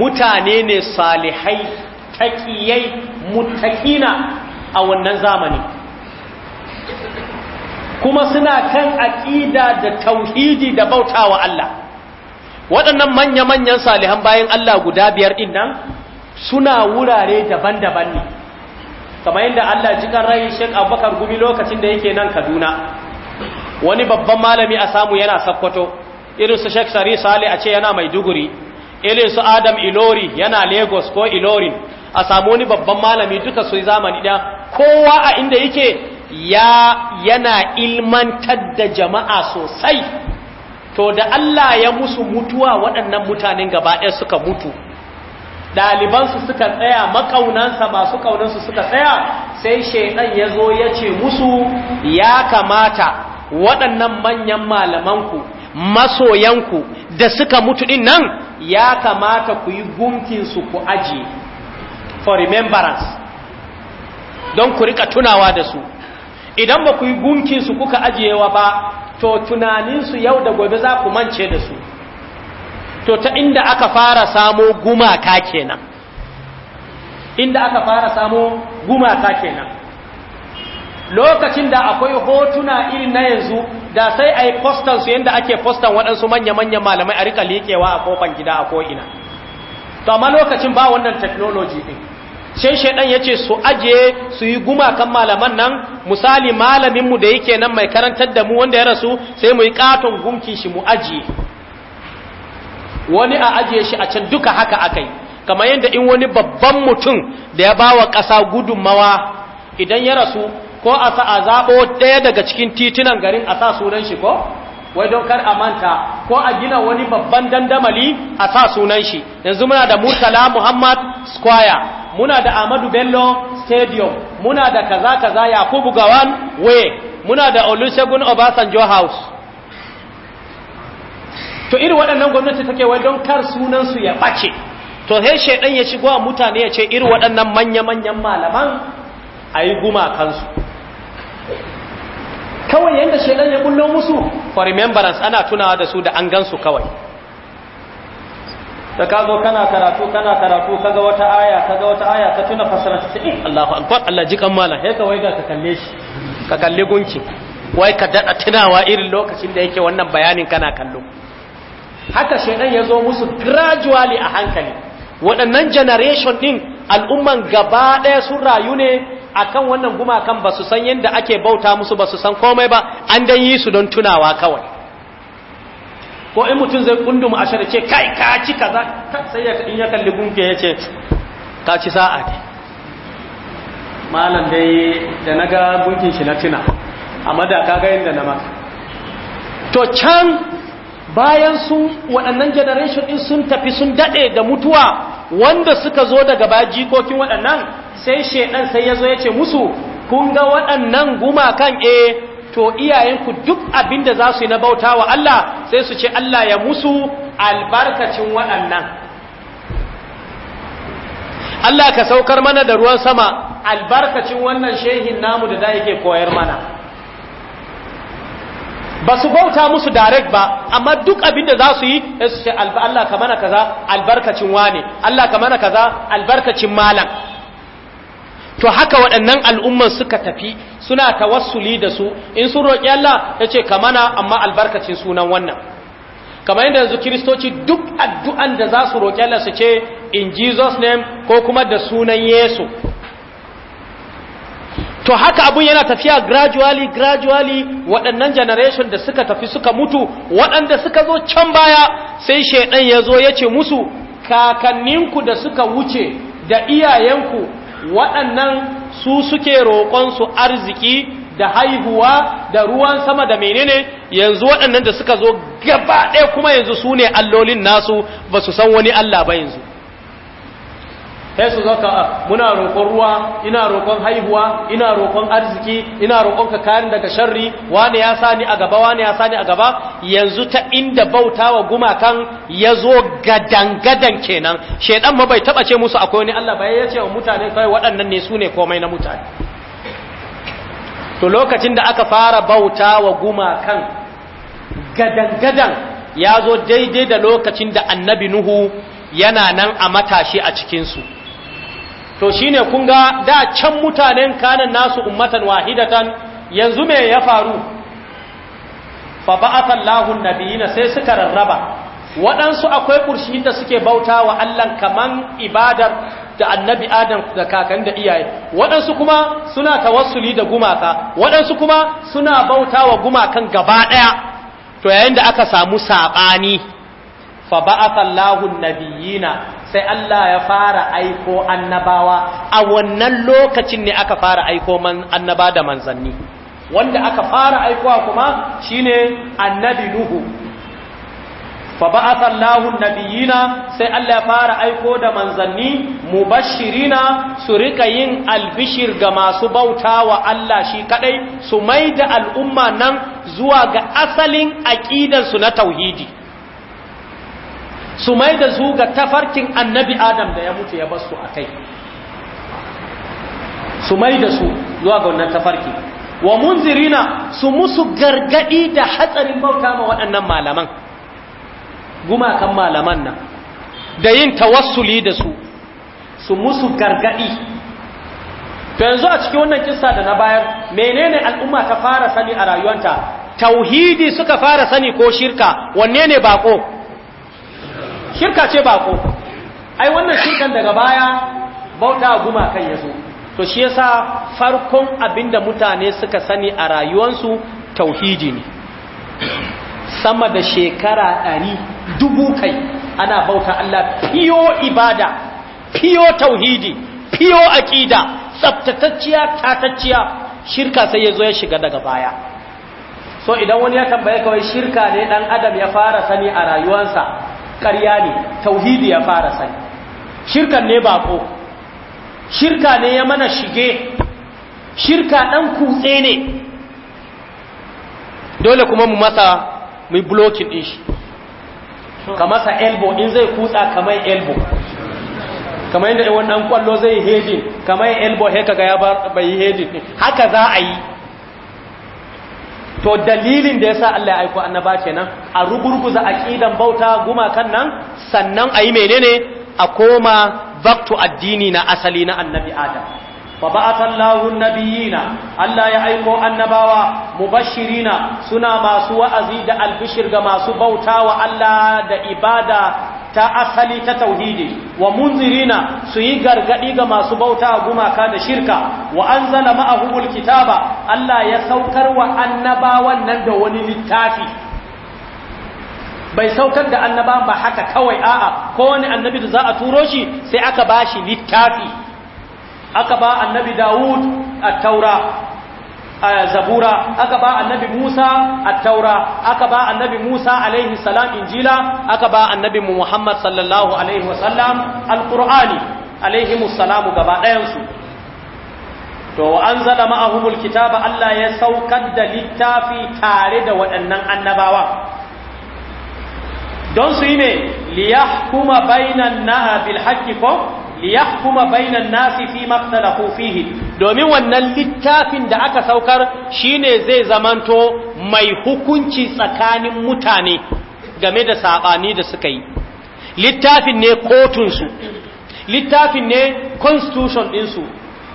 mutane ne salihai taqiyai muttaqina a wannan zamani kuma suna kan aƙida da tauhidi da bautawa Allah waɗannan manya-manyan salihan bayan Allah guda biyar ɗin nan suna wurare daban-daban ne kamar yadda Allah jikan rayin Sheikh Abubakar Gumi lokacin da yake nan Kaduna wani babban malami a samu yana Sokoto irin su Sheikh Sari Sale a ce yana Maiduguri irin su Adam Ilori yana Lagos ko Ilorin a samu wani babban malami duka su zamani da kowa a inda yake ya yana ilmantar da jama'a sosai to da Allah ya musu mutuwa waɗannan mutanen gaba ɗaya suka mutu ɗalibansu suka tsaya makaunansa masu kaunansu suka tsaya sai shaidan ya zo ya ce musu ya kamata waɗannan manyan malamanku masoyanku da suka mutu ɗin nan ya kamata ku yi gunkinsu ku ajiye for remembrance don ku rika tunawa da su idan ba ku yi gunkinsu kuka ajiyewa ba to tunaninsu yau da gobe za ku mance da su to ta inda aka fara samo gumaka kenan inda aka fara samo gumaka kenan lokacin da akwai hotuna irin na yanzu da sai a yi su yadda ake postan waɗansu manya-manyan malamai a rika liƙewa, a kofan gida a ko'ina to amma lokacin ba wannan technology ɗin sai shaidan ya ce su ajiye su yi gumakan malaman nan misali malaminmu da yake nan mai karantar da mu wanda ya rasu sai mu yi katon gumki shi mu aje wani a ajiye shi a can duka haka akai kamar yadda in wani babban mutum da ya ba wa ƙasa gudunmawa idan ya rasu ko a sa a zaɓo ɗaya daga cikin titunan garin a sa sunan shi ko wai don kar a manta ko a gina wani babban dandamali a sa sunan shi yanzu muna da murtala muhammad square muna da ahmadu bello stadium muna da kaza kaza yakubu gawan way muna da olusegun obasanjo house to irin waɗannan gwamnati take wai don kar sunansu ya ɓace to sai shaidan ya shigo a mutane ya ce irin waɗannan manya-manyan malaman a yi gumakansu kawai yanda shedan ya bullo musu for remembrance ana tunawa da su da an gansu kawai da ka zo kana karatu kana karatu kaga wata aya kaga wata aya ka tuna fasara ta eh Allahu akbar Allah ji kan malam sai ka waiga ka kalle shi ka kalle gunki wai ka dada tunawa irin lokacin da yake wannan bayanin kana kallo haka shedan ya zo musu gradually a hankali waɗannan generation din al'umman gaba ɗaya sun rayu ne akan wannan gumakan ba su san yadda ake bauta musu ba su san komai ba an dan yi su don tunawa kawai ko in mutum zai kundum a ce kai ka ci kaza sai in ya kalli gunke ya ce ka ci sa'a ne malam dai da na ga gunkin shi na tuna amma da ka ga yadda na maka to can bayan su waɗannan generation ɗin sun tafi sun daɗe da mutuwa wanda suka zo daga ba jikokin waɗannan sai shaidan sai ya zo ya ce musu kun ga waɗannan gumakan e to iyayenku duk abin da za su yi na bauta wa Allah sai su ce Allah ya musu albarkacin waɗannan Allah ka saukar mana da ruwan sama albarkacin wannan shehin namu da da yake koyar mana ba su bauta musu direct ba amma duk abin da za su yi sai su ce Allah ka mana kaza albarkacin wane Allah ka mana kaza albarkacin malam to haka waɗannan al'umman suka tafi suna tawassuli da su in sun roƙi Allah ya ce ka mana amma albarkacin sunan wannan kamar yadda yanzu kiristoci duk addu'an da za su roƙi Allah su ce in Jesus name ko kuma da sunan Yesu to haka abun yana tafiya gradually gradually waɗannan generation da suka tafi suka mutu waɗanda suka zo can baya sai shaidan ya zo ya ce musu kakanninku da suka wuce da iyayenku waɗannan su suke roƙonsu arziki da haihuwa da ruwan sama da menene yanzu waɗannan da suka zo gaba ɗaya kuma yanzu su ne allolin nasu ba su san wani Allah ba yanzu sai su zaka muna roƙon ruwa ina roƙon haihuwa ina roƙon arziki ina roƙon ka kayan daga sharri wani ya sani a gaba wani ya sani a gaba yanzu ta inda bautawa gumakan ya zo gadan-gadan kenan shaidan ma bai taba ce musu akwai wani Allah baya ya ce wa mutane kai waɗannan ne su ne komai na mutane to lokacin da aka fara bauta wa gumakan gadan-gadan ya zo daidai da lokacin da annabi nuhu yana nan a matashi a cikinsu to shine kun ga da can mutanen kanan nasu ummatan wahidatan yanzu me ya faru fa ba'atha Allahu nabiyina sai suka rarraba waɗansu akwai ƙurshin da suke bauta wa Allah kaman ibadar da annabi Adam da kakan da iyaye waɗansu kuma suna tawassuli da gumaka waɗansu kuma suna bauta wa gumakan gaba ɗaya to yayin da aka samu saɓani fa ba'atha Allahu nabiyina sai Allah ya fara aiko annabawa a wannan lokacin ne aka fara aiko man annaba da manzanni wanda aka fara aikowa kuma shine annabi nuhu fa ba'atha Allahu nabiyina sai Allah ya fara aiko da manzanni mubashirina su rika yin albishir ga masu wa Allah shi kadai su maida al'umma nan zuwa ga asalin aqidansu na tauhidi su mai da su ga tafarkin annabi adam da ya mutu ya basu a kai su mai da su zuwa ga wannan tafarki wa munzirina su musu gargadi da hatsarin bauta ma waɗannan malaman gumakan malaman nan da yin tawassuli da su su musu gargadi to yanzu a cikin wannan kissa da na bayar menene al'umma ta fara sani a rayuwanta tauhidi suka fara sani ko shirka wanne ne bako shirka ce ba ko, ai wannan shirkan daga baya bauta guma kan yazo to shi yasa farkon abinda mutane suka sani a rayuwansu tauhidi ne sama da shekara ɗari dubu kai ana bauta Allah fiyo ibada fiyo tauhidi fiyo aƙida tsaftatacciya tatacciya shirka sai yazo ya shiga daga baya so idan wani ya tambaye kawai shirka ne dan adam ya fara sani a rayuwansa. ƙarya ne tauhidi ya fara sani shirkan ne bako shirka ne ya mana shige shirka ɗan kutse ne dole kuma mu masa mai blokin ɗin shi ka masa elbow in zai kutsa kamar elbow kamar yadda wani ɗan kwallo zai hedin kamar elbow haka ga ya bai hedin haka za a yi to dalilin da yasa Allah ya aiko annaba kenan a rugurguza aqidan bauta gumakan nan sannan ayi menene a koma baktu addini na asali na annabi adam fa ba'atha Allahu nabiyina Allah ya aiko annabawa mubashirina suna masu wa'azi da albishir ga masu bauta wa Allah da ibada ta asali ta tauhidi wa munzirina su yi gargadi ga masu bauta gumaka da shirka wa anzala ma'ahumul kitaba Allah ya saukar wa annabawan nan da wani littafi bai saukar da annabawan ba haka kawai a'a wani annabi da za a turo shi sai aka bashi littafi aka ba annabi Dawud a taura zabura aka ba annabi Musa at-taura aka ba annabi Musa alaihi salam injila aka ba annabi Muhammad sallallahu alaihi wasallam al-qur'ani alaihi musallamu gaba ɗayan su to anzala ma'ahumul kitaba Allah ya saukar da littafi tare da waɗannan annabawa don su yi me liyahkuma bainan naha bil haqqi ko liyahkuma bainan nasi fi maktalahu fihi domin wannan littafin da aka saukar shine zai zamanto mai hukunci tsakanin mutane game da sabani da suka yi littafin ne kotun su littafin ne constitution din su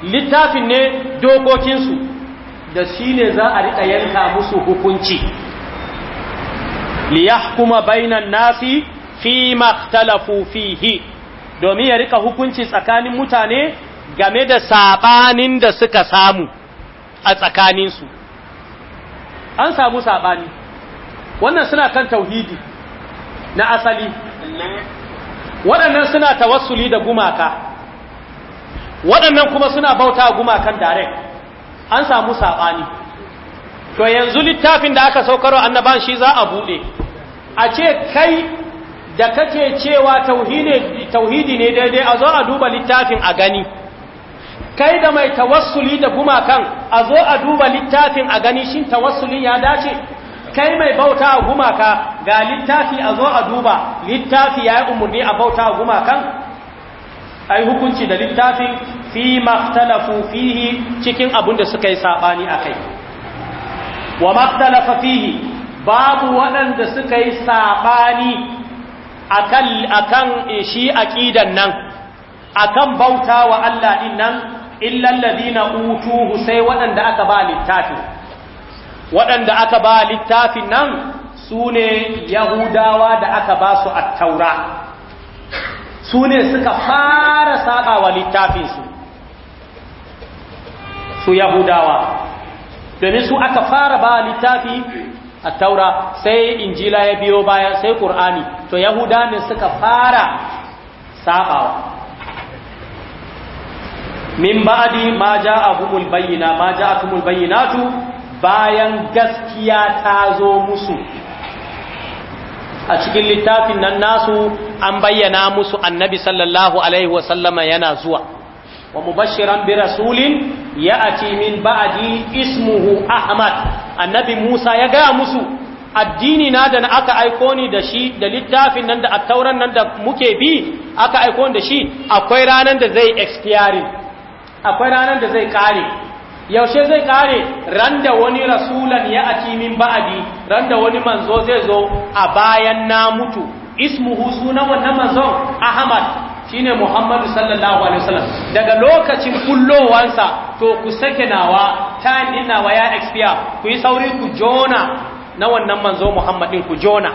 littafin ne dokokin su da shine za a rika yanka musu hukunci liyahkuma bainan nasi fi maktalahu fihi domin ya rika hukunci tsakanin mutane game da sabanin da suka samu a tsakaninsu an samu sabani wannan suna kan tauhidi na asali waɗannan suna tawassuli da gumaka waɗannan kuma suna bauta gumakan dare. an samu sabani to yanzu littafin da aka saukarwa annaban shi za a buɗe a ce kai da kake cewa tauhidi ne daidai a zo a duba littafin a gani kai da mai tawassuli da gumakan a zo a duba littafin a gani shin tawassulin ya dace kai mai bauta a gumaka ga littafi a zo a duba littafi ya yi umarni a bauta a gumakan ai hukunci da littafi fi maktalafu fihi cikin abin da suka yi saɓani a kai wa maktalafa fihi babu waɗanda suka yi saɓani akan eh, shi aqidan nan akan bauta wa Allah din nan illal ladina utuhu sai waɗanda aka ba littafi waɗanda aka ba littafin nan sune yahudawa da aka ba su at-taura sune suka fara saba wa littafin su su yahudawa domin su aka fara ba littafi attaura sai injila ya biyo baya sai ƙur'ani to yahuda ne suka fara saɓawa min ba'di ma ja'ahumul bayyina ma ja'akumul bayyinatu bayan gaskiya ta zo musu a cikin littafin nan nasu an bayyana musu annabi sallallahu alaihi wasallama yana zuwa Wa mu rasulin برسول يأتي ba'adi ismuhu Ahmad. Annabi Musa ya gaya musu. addini na da na aka aiko ni da shi da littafin nan da attauran nan da muke bi aka aiko da shi akwai ranar da zai expire akwai ranar da zai kare yaushe zai kare ran da wani rasulan ya aci ba'adi ran da wani manzo zai zo a bayan na mutu ismuhu sunan wannan manzon ahmad shine Muhammadu sallallahu alaihi wasallam daga lokacin kullowansa to ku sake nawa ta din nawa ya expire ku yi sauri ku jona na wannan manzo Muhammadin ku jona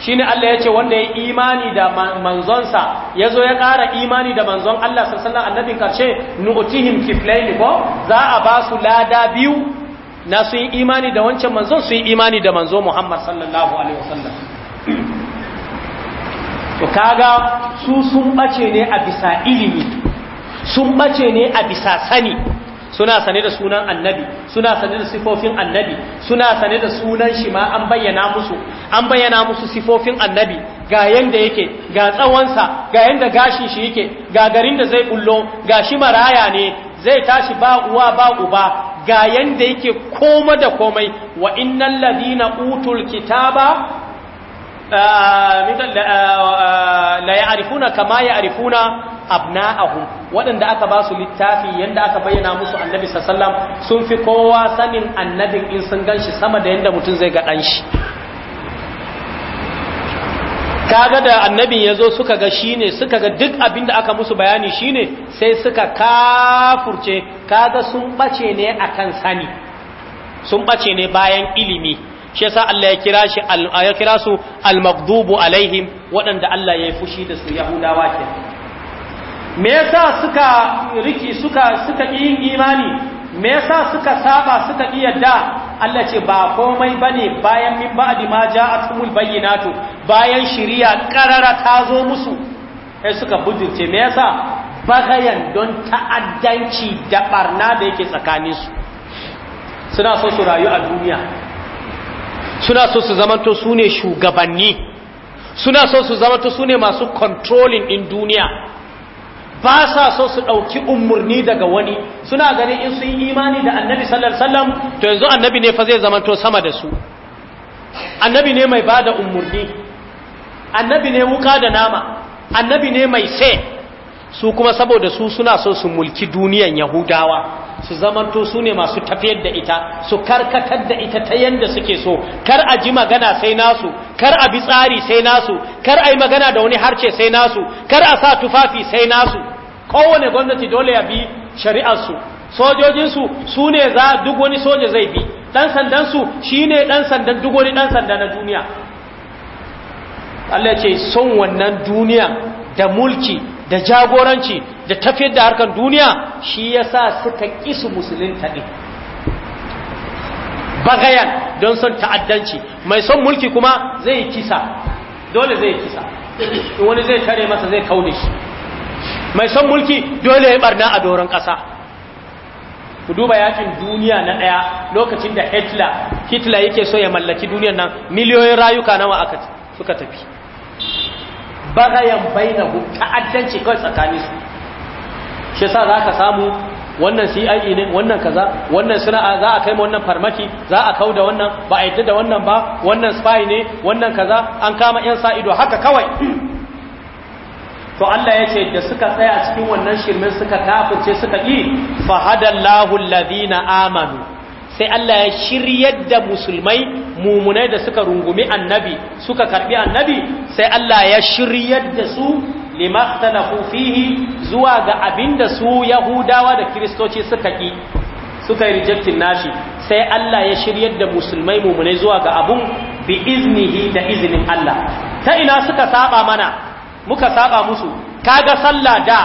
shine Allah ce wanda ya imani da manzonsa yazo ya ƙara imani da manzon Allah sallallahu alaihi wasallam karshe nu'tihim kiflayn ko za a ba su lada biyu na su imani da wancan manzon su imani da manzo Muhammad sallallahu alaihi wasallam to kaga su sun bace ne a bisa ilimi sun bace ne a bisa sani suna sane da sunan annabi suna sane da sifofin annabi suna sane da sunan shi ma an bayyana musu an bayyana musu sifofin annabi ga yanda yake ga tsawonsa ga yanda gashin shi yake ga garin da zai bullo ga shi maraya ne zai tashi ba uwa ba uba ga yanda yake koma da komai wa innal ladina utul kitaba la ya'rifuna kama ya'rifuna abna'ahum waɗanda aka ba su littafi yanda aka bayyana musu annabi sallallahu sun fi kowa sanin annabin in sun ganshi sama da yanda mutum zai ga dan shi kaga da annabin yazo suka ga shine suka ga duk abin da aka musu bayani shine sai suka kafurce kaga sun bace ne akan sani sun bace ne bayan ilimi shi yasa Allah ya kira shi al, ya kira su al-maghdubu alaihim waɗanda Allah ya fushi da su Yahudawa ke me yasa suka riki suka suka yin imani me yasa suka saba suka iya da Allah ce ba komai bane bayan min ba'di ma ja'atul bayyinatu bayan shari'a karara ta zo musu sai suka bujurce me yasa bagayan don ta'addanci da barna da yake tsakaninsu suna so su rayu a duniya suna so su zamanto su ne shugabanni suna so su zamanto su ne masu controlling in duniya ba sa so su ɗauki umarni daga wani suna ganin in su yi imani da annabi sallallahu alaihi to yanzu annabi ne fa zai zamanto sama da su annabi ne mai bada umarni annabi ne wuka da nama annabi ne mai sai su kuma saboda su suna so su mulki duniyan yahudawa su zamanto su ne masu tafiyar da ita su karkatar da ita ta yadda suke so kar a ji magana sai nasu kar a bi tsari sai nasu kar a yi magana da wani harce sai nasu kar a sa tufafi sai nasu kowane gwamnati dole ya bi shari'arsu sojojinsu su ne za duk wani soja zai bi ɗan sandansu shi ne ɗan sandan duk wani ɗan sanda na duniya Allah ce son wannan duniya da mulki da jagoranci da tafiyar da harkar duniya shi ya sa suka kisu musulun din bagayan don son ta'addanci mai son mulki kuma zai kisa dole zai kisa in wani zai tare masa zai kaune shi mai son mulki dole ya barna a doron ƙasa ku duba yakin duniya na ɗaya lokacin da hitler hitler yake so ya mallaki duniyar nan miliyoyin rayuka nawa aka suka tafi bagayan bainahu ta'addanci kawai tsakaninsu shi za zaka samu wannan CIE ne wannan kaza wannan suna za a kai ma wannan farmaki za a kauda wannan ba a yadda da wannan ba wannan spy ne wannan kaza an kama yan sa ido haka kawai to Allah ya ce da suka tsaya cikin wannan shirmin suka kafirce suka yi fa hadallahu alladhina amanu sai Allah ya shiryar da musulmai mumunai da suka rungumi annabi suka karbi annabi sai Allah ya shiryar da su limaktalafu fihi zuwa ga abinda su yahudawa da kiristoci suka ki suka yi rijaktin nashi sai Allah ya shiryar da musulmai mummunai zuwa ga abun bi iznihi da izinin Allah ta ina suka saba mana muka saba musu kaga sallah da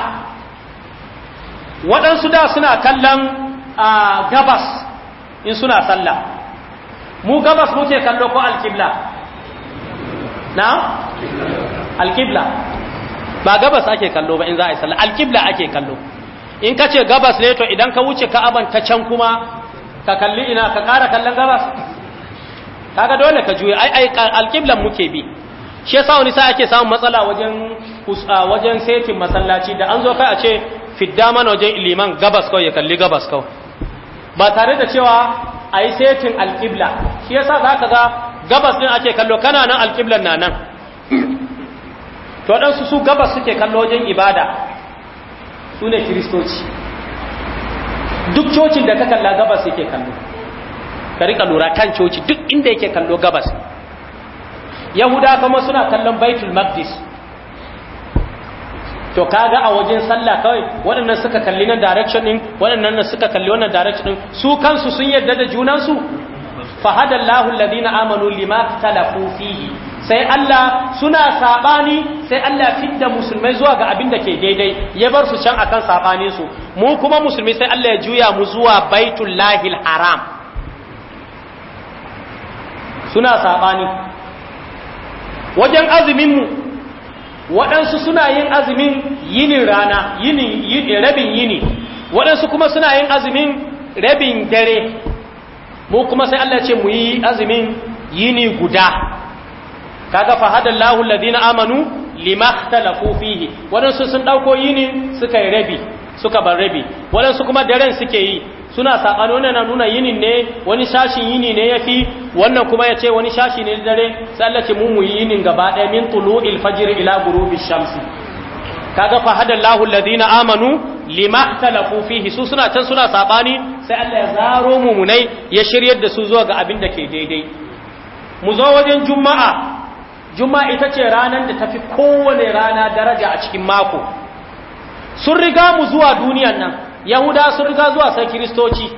waɗansu da suna kallon a gabas in suna sallah mu gabas muke kallo ko alkibla na alkibla ba gabas ake kallo ba in za a yi sallah alƙibla ake kallo in ka ce gabas ne to idan ka wuce ka'aban ta can kuma ka kalli ina ka ƙara kallon gabas kaga dole ka juya ai ai alƙiblan muke bi shi yasa wani sai ake samun matsala wajen wajen setin masallaci da an zo kai a ce fidda mana wajen liman gabas kawai ya kalli gabas kawai ba tare da cewa a yi setin alƙibla shi yasa za ka ga gabas din ake kallo kana nan alƙiblan na nan to waɗansu su gabas suke kallo wajen ibada su ne kiristoci duk cocin da ka kalla gabas yake kallo ka rika lura kan coci duk inda yake kallo gabas yahuda kuma suna kallon baitul maqdis to kaga a wajen sallah kawai waɗannan suka kalli nan direction din waɗannan suka kalli wannan direction din su kansu sun yarda da junansu fa hadallahu alladhina amanu lima talafu fihi sai Allah suna sabani sai Allah fidda musulmai zuwa ga abin da ke daidai ya bar su can akan sabanin su mu kuma musulmi sai Allah ya juya mu zuwa lahil haram suna sabani wajen azumin mu waɗansu suna yin azumin yinin rana yinin rabin yini waɗansu kuma suna yin azumin rabin dare mu kuma sai Allah ya ce mu yi azumin yini guda kaga fahadar hadallahu alladhina amanu limahtalafu fihi wadansu sun dauko yini suka yi rabi suka bar rabi wadansu kuma daren suke yi suna sakano na nuna yini ne wani shashin yini ne yafi wannan kuma yace wani shashi ne dare sai Allah ce mu mu yinin gaba ɗaya min tulu'il fajr ila ghurubish shamsi kaga fa alladhina amanu limahtalafu fihi su suna can suna sabani sai Allah ya zaro mumunai ya shiryar da su zuwa ga abin da ke daidai mu zo wajen juma'a juma'a ita ce ranar da tafi kowane rana daraja a cikin mako sun riga mu zuwa duniyan nan yahuda sun riga zuwa sai kiristoci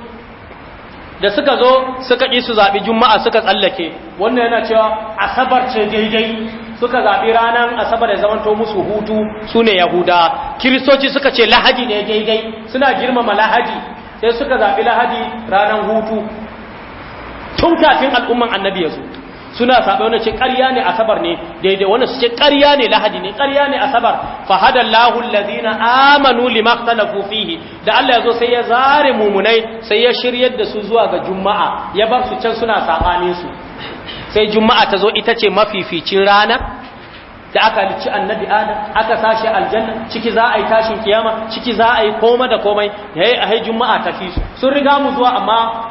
da suka zo suka ƙi su zaɓi juma'a suka tsallake wannan yana cewa asabar ce daidai suka zaɓi ranar asabar da zamanto musu hutu su ne yahuda kiristoci suka ce lahadi ne daidai suna girmama lahadi sai suka zaɓi lahadi ranar hutu tun kafin al'umman annabi ya zo suna saɓe wani ce ƙarya ne asabar ne daidai wani su ce ƙarya ne lahadi ne ƙarya ne asabar fahadallahu allazina amanu na fihi da Allah ya zo sai ya zare mumunai sai ya shiryar da su zuwa ga juma'a ya bar su can suna saɓanin su sai juma'a ta zo ita ce mafificin rana da aka halicci annabi adam aka sashi aljanna ciki za a yi tashin kiyama ciki za a yi koma da komai yayi a hai juma'a ta fi sun riga mu zuwa amma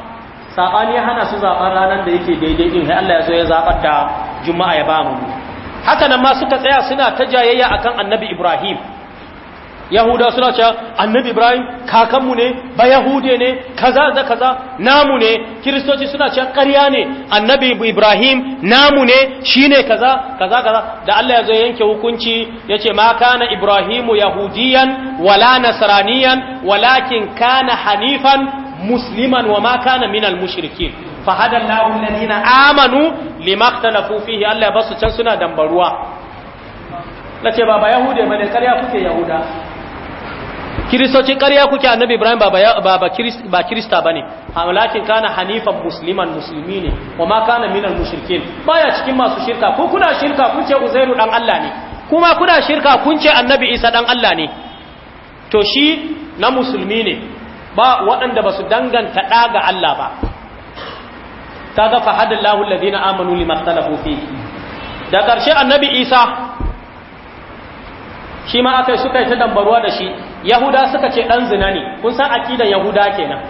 sabani ya hana su zaɓar ranar da yake daidai din sai Allah ya zo ya zaɓar da juma'a ya ba mu haka nan ma suka tsaya suna ta jayayya akan annabi ibrahim yahuda suna cewa annabi ibrahim kakanmu ne ba yahude ne kaza da kaza namu ne kiristoci suna cewa ƙarya ne annabi ibrahim namu ne shine kaza kaza kaza da Allah ya zo yanke hukunci yace ma kana ibrahimu yahudiyan wala nasraniyan walakin kana hanifan مسلما وما كان من المشركين فهدى الله الذين آمنوا لما اختلفوا فيه الله بس تنسنا دنبروا لكي بابا يهودي من الكريا كوكي يهودا kiristoci ƙarya kuke annabi ibrahim ba kirista ba ne halakin kana hanifan musliman musulmi ne wa ma kana minal mushrikin baya cikin masu shirka ko kuna shirka kun ce uzairu dan Allah ne kuma kuna shirka kun ce annabi isa dan Allah ne to shi na musulmi ne ba waɗanda ba su danganta ɗa ga Allah ba kaga fa hadallahu alladhina amanu limakhtalafu fihi da ƙarshe annabi Isa shi ma aka suka yi ta dambaruwa da shi yahuda suka ce ɗan zina ne kun san aƙidan yahuda kenan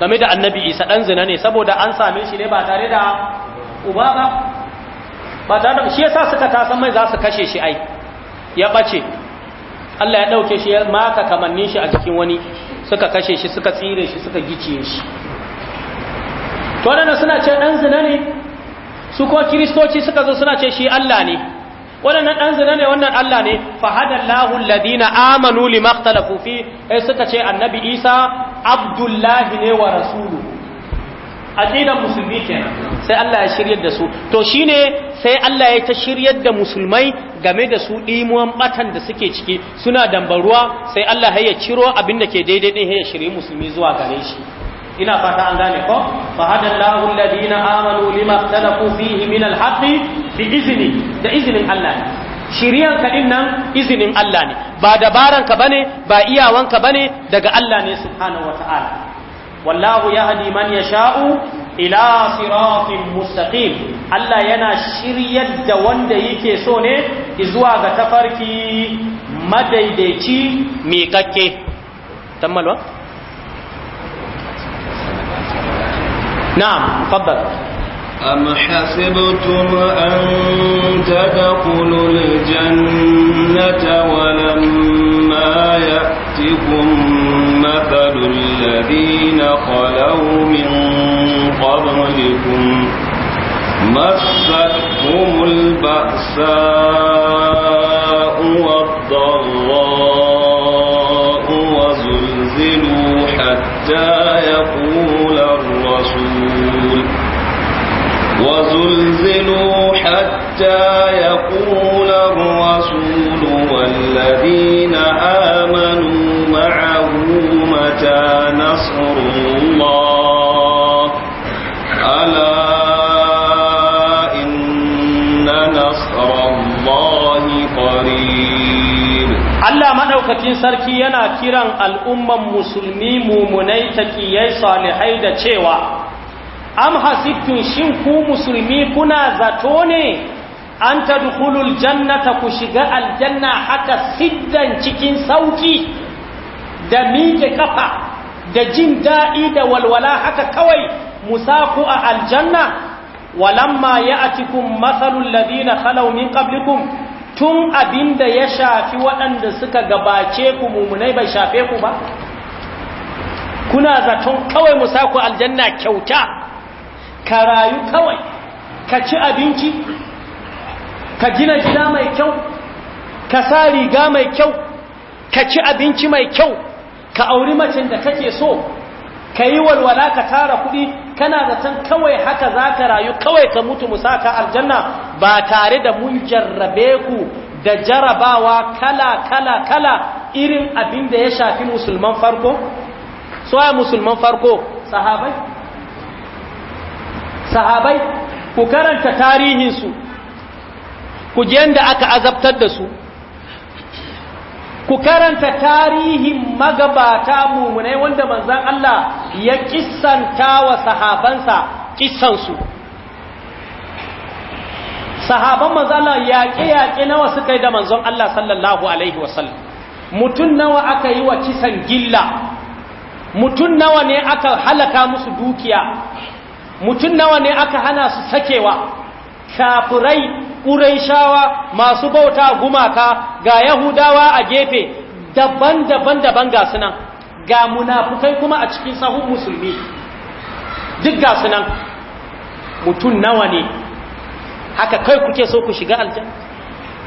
game da annabi isa ɗan zina ne saboda an same shi ne ba tare da uba ba ba tare da shi yasa suka tasan mai za su kashe shi ai ya ɓace allah ya ɗauke shi ya maka kamannin shi a cikin wani suka kashe shi suka tsire shi suka giciye shi to waɗanda suna ce ɗan zina ne su ko kiristoci suka zo suna ce shi Allah ne waɗannan ɗan zina ne wannan Allah ne Fa hadallahu alladhina amanu limakhtalafu fi sai eh, suka ce annabi Isa abdullahi ne wa rasuluhu aqidan musulmi kenan sai Allah ya shiryar da su to shine sai Allah ya ta shiryar da musulmai game da su ɗimuwan batan da suke ciki suna dambaruwa sai Allah ya ciro abin da ke daidai ɗin ya shirye musulmi zuwa gare shi ina fata an gane ko fa hadallahu alladhina amanu lima ikhtalafu fihi min alhaqi bi izni da iznin Allah shiriyan ka din nan izinin Allah ne ba dabaran ka bane ba iyawan bane daga Allah ne subhanahu wataala wallahu yahdi man yasha'u ila siratin mustaqim Allah yana shiryar da wanda yake so ne zuwa ga tafarki madaidaici miƙaƙƙe tammalwa na'am faddal am hasibtum an tadkhulu al-jannata wa lam ma ya'tikum mathalu alladhina قبلكم مستهم البأساء والضراء وزلزلوا حتى يقول الرسول وزلزلوا حتى يقول الرسول والذين آمنوا معه متى نصر maɗaukacin sarki yana kiran al'umman musulmi mumunai taƙiyai salihai da cewa, Am hasibtun shin ku musulmi kuna zato ne, an ta dukulul jannata ku shiga aljanna haka siddan cikin sauki da miƙe kafa da jin daɗi da walwala haka kawai musaku a aljanna, walamma ya a cikin matsalul ladina khalau min ƙablikun tun abin da ya shafi waɗanda suka gabace ku mummunai bai shafe ku ba kuna zaton kawai musa ku aljanna kyauta ka rayu kawai ka ci abinci ka gina gida mai kyau ka sa riga mai kyau ka ci abinci mai kyau ka auri macin da kake so ka yi walwala ka tara kuɗi kana zaton kawai haka za ka rayu kawai ka mutu musaka aljanna ba tare da mun jarrabe ku da jarabawa kala kala kala irin abin da ya shafi musulman farko suwaye musulman farko sahabai sahabai ku karanta tarihinsu ku ji yadda aka azabtar da su ku karanta tarihin magabata mummunai wanda manzan Allah ya kissanta wa sahabansa su. sahaban manzo yaƙe yaƙe nawa suka yi da manzon Allah sallallahu alaihi wasallam mutun nawa aka yi wa kisan gilla Mutum nawa ne aka halaka musu dukiya Mutum nawa ne aka hana su sakewa Kafurai ƙuraishawa masu bauta gumaka ga yahudawa a gefe daban-daban daban ga sunan ga munafukai kuma a cikin sahun musulmi duk ga sunan mutun nawa ne haka kai kuke so ku shiga aljanna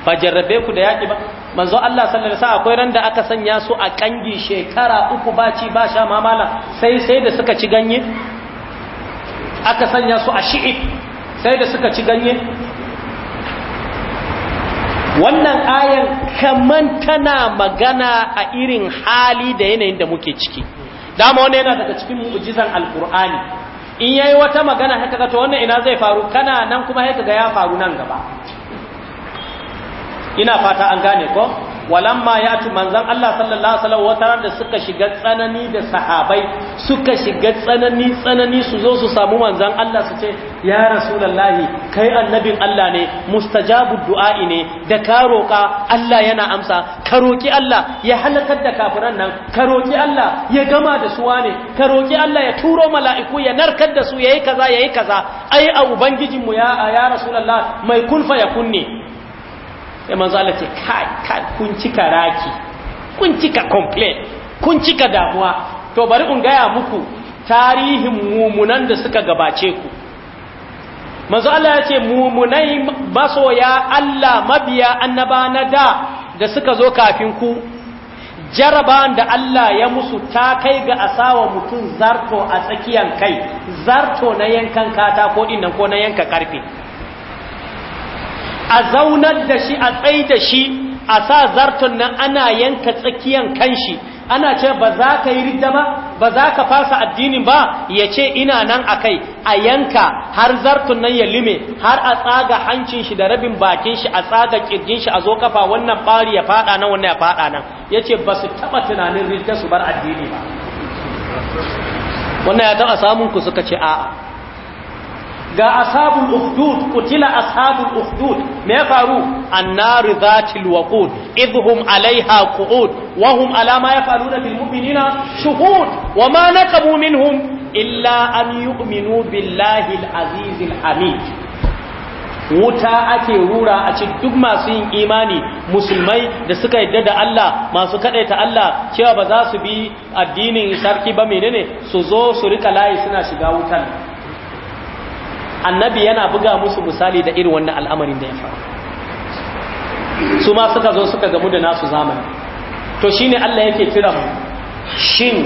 ba jarrabe ku da yaki ba manzo Allah sallallahu alaihi wasallam akwai randa aka sanya su a kangi shekara uku ba ci ba sha mamala sai sai da suka ci ganye aka sanya su a shi'i sai da suka ci ganye wannan ayan kaman tana magana a irin hali da yanayin da muke ciki dama wannan yana daga cikin mu'jizan alqur'ani in yayi wata magana haka ga to wannan ina zai faru kana nan kuma haka ga ya faru nan gaba ina fata an gane ko walamma ya ci manzan Allah sallallahu Alaihi wasallam da suka shiga tsanani da sahabai suka shiga tsanani tsanani su zo su samu manzan Allah su ce ya rasulallahi kai annabin Allah ne mustajabu du'a'i ne da ka roƙa Allah yana amsa ka roƙi Allah ya halakar da kafiran nan ka roƙi Allah ya gama da su wane ka roƙi Allah ya turo mala'iku ya narkar da su yayi kaza yayi kaza ai a ubangijinmu ya ya rasulullah mai kulfa ya kunne sai manzo Allah ce ka kun cika raki kun cika complain kun cika damuwa to bari in gaya muku tarihin mumunan da suka gabace ku manzo Allah ya ce mumunai masoya Allah mabiya annaba na da da suka zo kafin ku jaraban da Allah ya musu ta kai ga asawa mutum zarto a tsakiyar kai zarto na yankan kata ko dinnan ko na yanka karfe a zaunar da shi a tsai da shi a sa zartun nan ana yanka tsakiyan kanshi ana ce ba za ka yi ba za ka fasa addini ba ya ce ina nan a kai a yanka har zartun nan ya lime har a tsaga hancin shi da rabin bakin shi a tsaga kirgin shi a zo kafa wannan bari ya fada nan wannan ya fada nan ya ce ba su taba tunanin rida su bar addini ba wannan ya taba samun ku suka ce a'a ga ashabul ukhdud kutila ashabul ukhdud me ya faru annar zatil waqud idhum alaiha qu'ud wa hum ala ma yafaluna bil mu'minina shuhud wa ma naqamu minhum illa an yu'minu billahi al aziz al hamid wuta ake rura a ci duk masu yin imani musulmai da suka yadda da Allah masu kaɗaita Allah cewa ba za su bi addinin sarki ba menene su zo su rika layi suna shiga wutan annabi yana buga musu misali da irin wannan al'amarin da ya faru su ma suka zo suka gamu da nasu zamani to shine Allah yake kira mu shin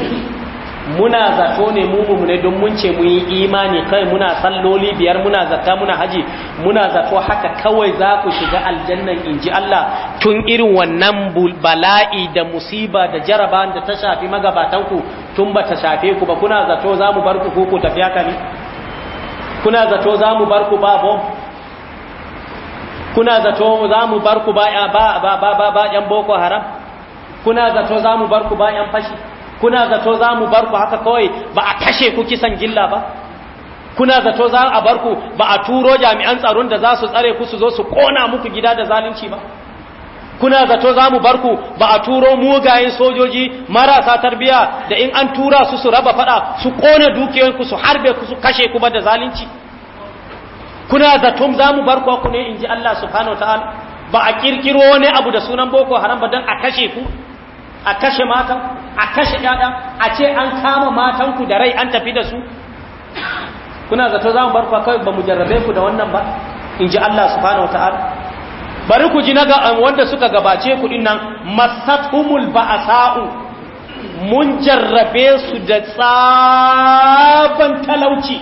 muna zato ne mu mu ne don mun ce mu yi imani kai muna salloli biyar muna zakka muna haji muna zato haka kawai za ku shiga in inji Allah tun irin wannan bala'i da musiba da jaraban da ta shafi magabatan ku tun ba ta shafe ku ba kuna zato za mu bar ku ku tafiya ka ne kuna zato za mu bar ku ba bom kuna zato za mu bar ku ba yan boko haram kuna zato za mu bar ku ba yan fashi kuna zato za mu bar ku haka kawai ba a kashe ku kisan gilla ba kuna zato za a bar ku ba a turo jami'an tsaron da za su tsare ku su zo su kona muku gida da zalunci ba kuna zato za mu barku ba a turo mugayen sojoji marasa tarbiya da in an tura su su raba fada su kona dukiyoyinku su harbe ku su kashe ku ba da zalunci kuna zato za mu barku ku ne in ji Allah subhanahu ta'ala ba a kirkiro wani abu da sunan boko haram ba don a kashe ku a kashe mata a kashe ƴaƴa a ce an kama matanku da rai an tafi da su kuna zato za mu barku kai ba mu jarrabe ku da wannan ba in ji Allah subhanahu ta'ala bari ku ji naga um, wanda suka gabace ku dinnan masathumul ba'sa'u mun jarrabe su da tsaban talauci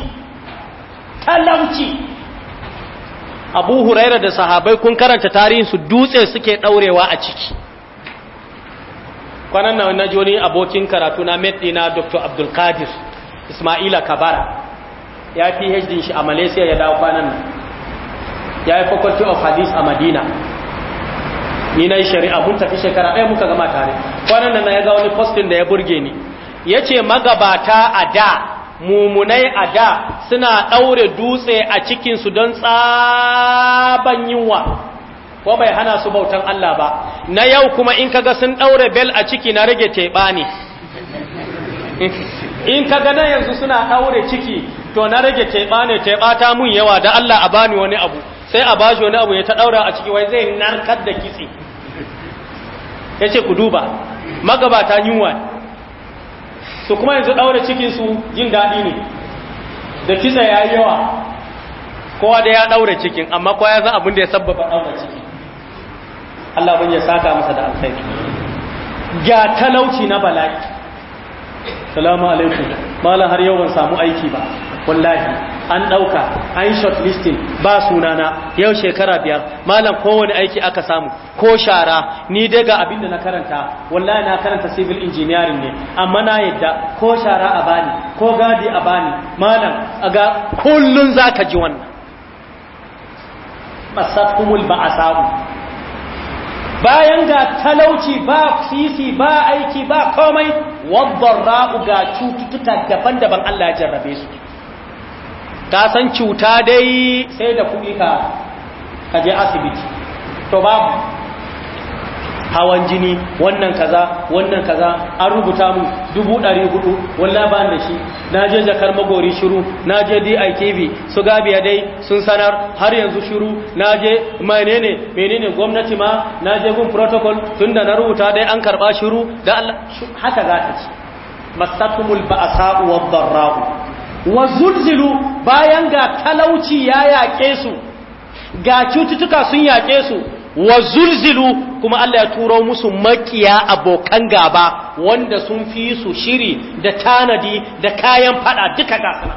talauci abu huraira da sahabai kun karanta tarihin su dutse suke daurewa a ciki kwanan na na joni abokin karatu na medina dr abdulkadir ismaila kabara ya fi shi a malaysia ya dawo kwanan nan ya yi faculty of hadith a madina ni na yi shari'a mun tafi shekara ɗaya muka gama tare kwanan nan ya ga wani postin da ya burge ni ya ce magabata a da mumunai a da suna ɗaure dutse a cikinsu don tsaban yunwa ko bai hana su bautan Allah ba na yau kuma in kaga sun ɗaure bel a ciki na rage teɓa ne in kaga na yanzu suna ɗaure ciki to na rage teɓa ne teɓa ta mun yawa da Allah a bani wani abu sai a shi wani abu ya ta daura a ciki wai zai narkar da kitse ya ce ku duba magabata yunwa su kuma yanzu daura cikinsu jin daɗi ne da kitse ya yi yawa kowa da ya daura cikin amma kowa ya zan abin da ya sabbaba daura cikin Allah bin ya saka masa da alkhairi ga talauci na bala'i salamu alaikum malam har yau ban samu aiki ba wallahi an ɗauka an shortlisting ba sunana yau shekara biyar malam kowane aiki aka samu ko shara ni dai ga abin da na karanta wallahi na karanta civil engineering ne amma na yadda ko shara a bani ko gadi a bani malam a ga kullun za ka ji wannan masakumul ba a samu bayan ga talauci ba sisi ba aiki ba komai wadda ra'u ga cututtuka daban-daban Allah ya jarrabe su ka san cuta dai sai da kuɗi ka kaje asibiti to babu hawan jini wannan kaza wannan kaza an rubuta mu dubu ɗari hudu walla ba da shi na je jakar magori shiru na je DITV su gabiya dai sun sanar har yanzu shiru na je menene menene gwamnati ma na je gun protocol da na rubuta dai an karba shiru da Allah haka za ta ci masatumul ba'sa wa darra'u wa zulzilu bayan ga talauci ya yaƙe su ga cututtuka sun yaƙe su wa kuma Allah ya turo musu makiya abokan gaba wanda sun fi su shiri da tanadi da kayan fada duka gasana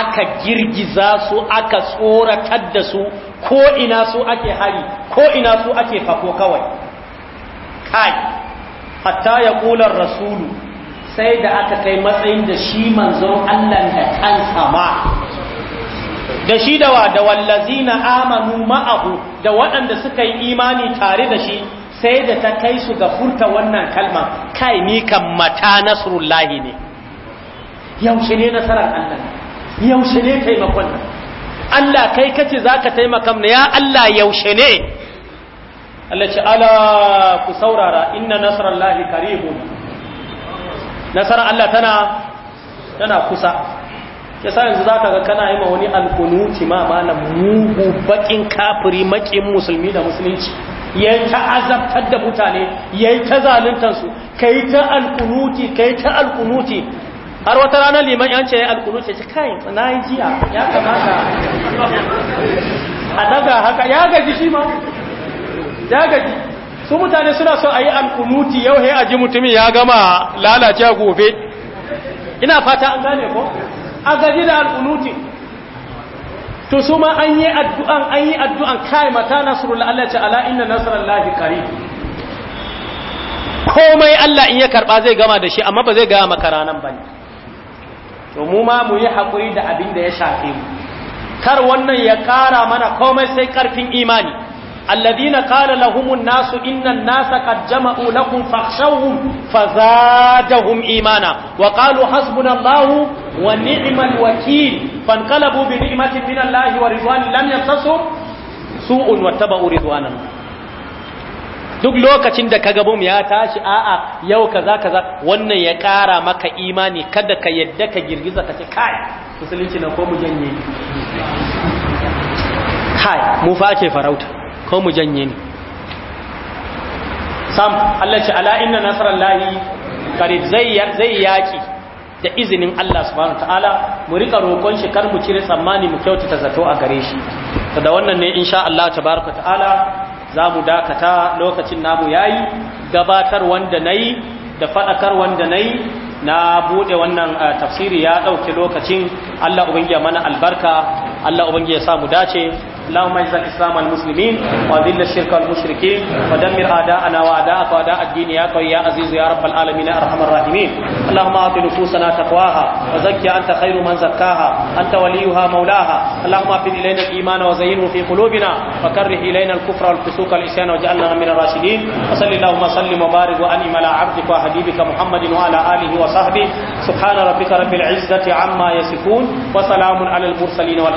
aka girgiza su aka tsoratar da su ko ina su ake hari ko ina su ake fako kawai kai hatta ya rasulu sai da aka kai matsayin da shi manzon Allah da kansa ma da shi dawa da wallazina amanu ma'ahu da waɗanda suka yi imani tare da shi sai da ta kai su ga furta wannan kalma kai ni kan mata nasrullahi ne yaushe ne nasarar Allah yaushe ne taimakon Allah kai kace zaka taimaka mu ya Allah yaushe ne Allah ce ala ku saurara inna nasrallahi qaribun nasarar Allah tana tana kusa ke sa yanzu za ka ga kana yima ma wani alkunuti ma malam mugu bakin kafiri makin musulmi da musulunci ya yi ta azabtar da mutane ya yi ta zaluntar ka yi ta alkunuti ka yi ta alkunuti har wata ranar liman yance ya yi alkunuti ce kayan na yi jiya ya kamata a daga haka ya gaji shi ma ya gaji su mutane suna so a yi alkunuti yau he a ji mutumin ya gama lalace a gobe ina fata an gane ko a gaji da alkunuti to su ma an yi addu'an an yi addu'an kai mata nasrullah ala ce ala inna nasrallahi qarib komai Allah in ya karɓa zai gama da shi amma ba zai gaya maka ba ne. to mu ma mu yi hakuri da abin da ya shafe mu kar wannan ya kara mana komai sai ƙarfin imani alladhina qala lahumun nasu innan nasa qad jama'u lakum fakhshawhum fazadahum imana wa qalu hasbunallahu wa ni'mal wakeel fanqalabu bi ni'matin minallahi wa ridwanin lam su'un wattaba'u ridwanan duk lokacin da ka gabom ya tashi a'a yau kaza kaza wannan ya ƙara maka imani kada ka yadda ka girgiza ka ce kai musulunci na ko mu janye kai mu fa farauta ko mu janye ne sam Allah ce ala inna nasrallahi qarib zai zai yaki da izinin Allah subhanahu ta'ala mu rika roƙon shi kar mu cire tsammani mu kyautata zato a gare shi to da wannan ne insha Allah tabaraka ta'ala za mu dakata lokacin namu yayi gabatar wanda nayi da fadakar wanda nayi na bude wannan eh, tafsiri ya dauke lokacin Allah ubangiya mana albarka Allah ubangi ya samu dace Allahumma izzal islam al muslimin wa dhill al shirka al mushrikin wa dammir ada'ana wa ada'a wa ada'a ad din ya qawi ya aziz ya rabb al alamin ya arhamar rahimin Allahumma ati nufusana taqwaha wa zakkiha anta khairu man zakkaha anta waliyuha mawlaha Allahumma fid ilayna al iman wa zayyinhu fi qulubina wa karrih ilayna al kufra wal fusuka wal isyana waj'alna min ar rashidin wa salli Allahumma sallim wa barik wa anim ala abdika wa habibika muhammadin wa ala alihi wa sahbihi subhana rabbika rabbil izzati amma yasifun wa salamun ala al mursalin wal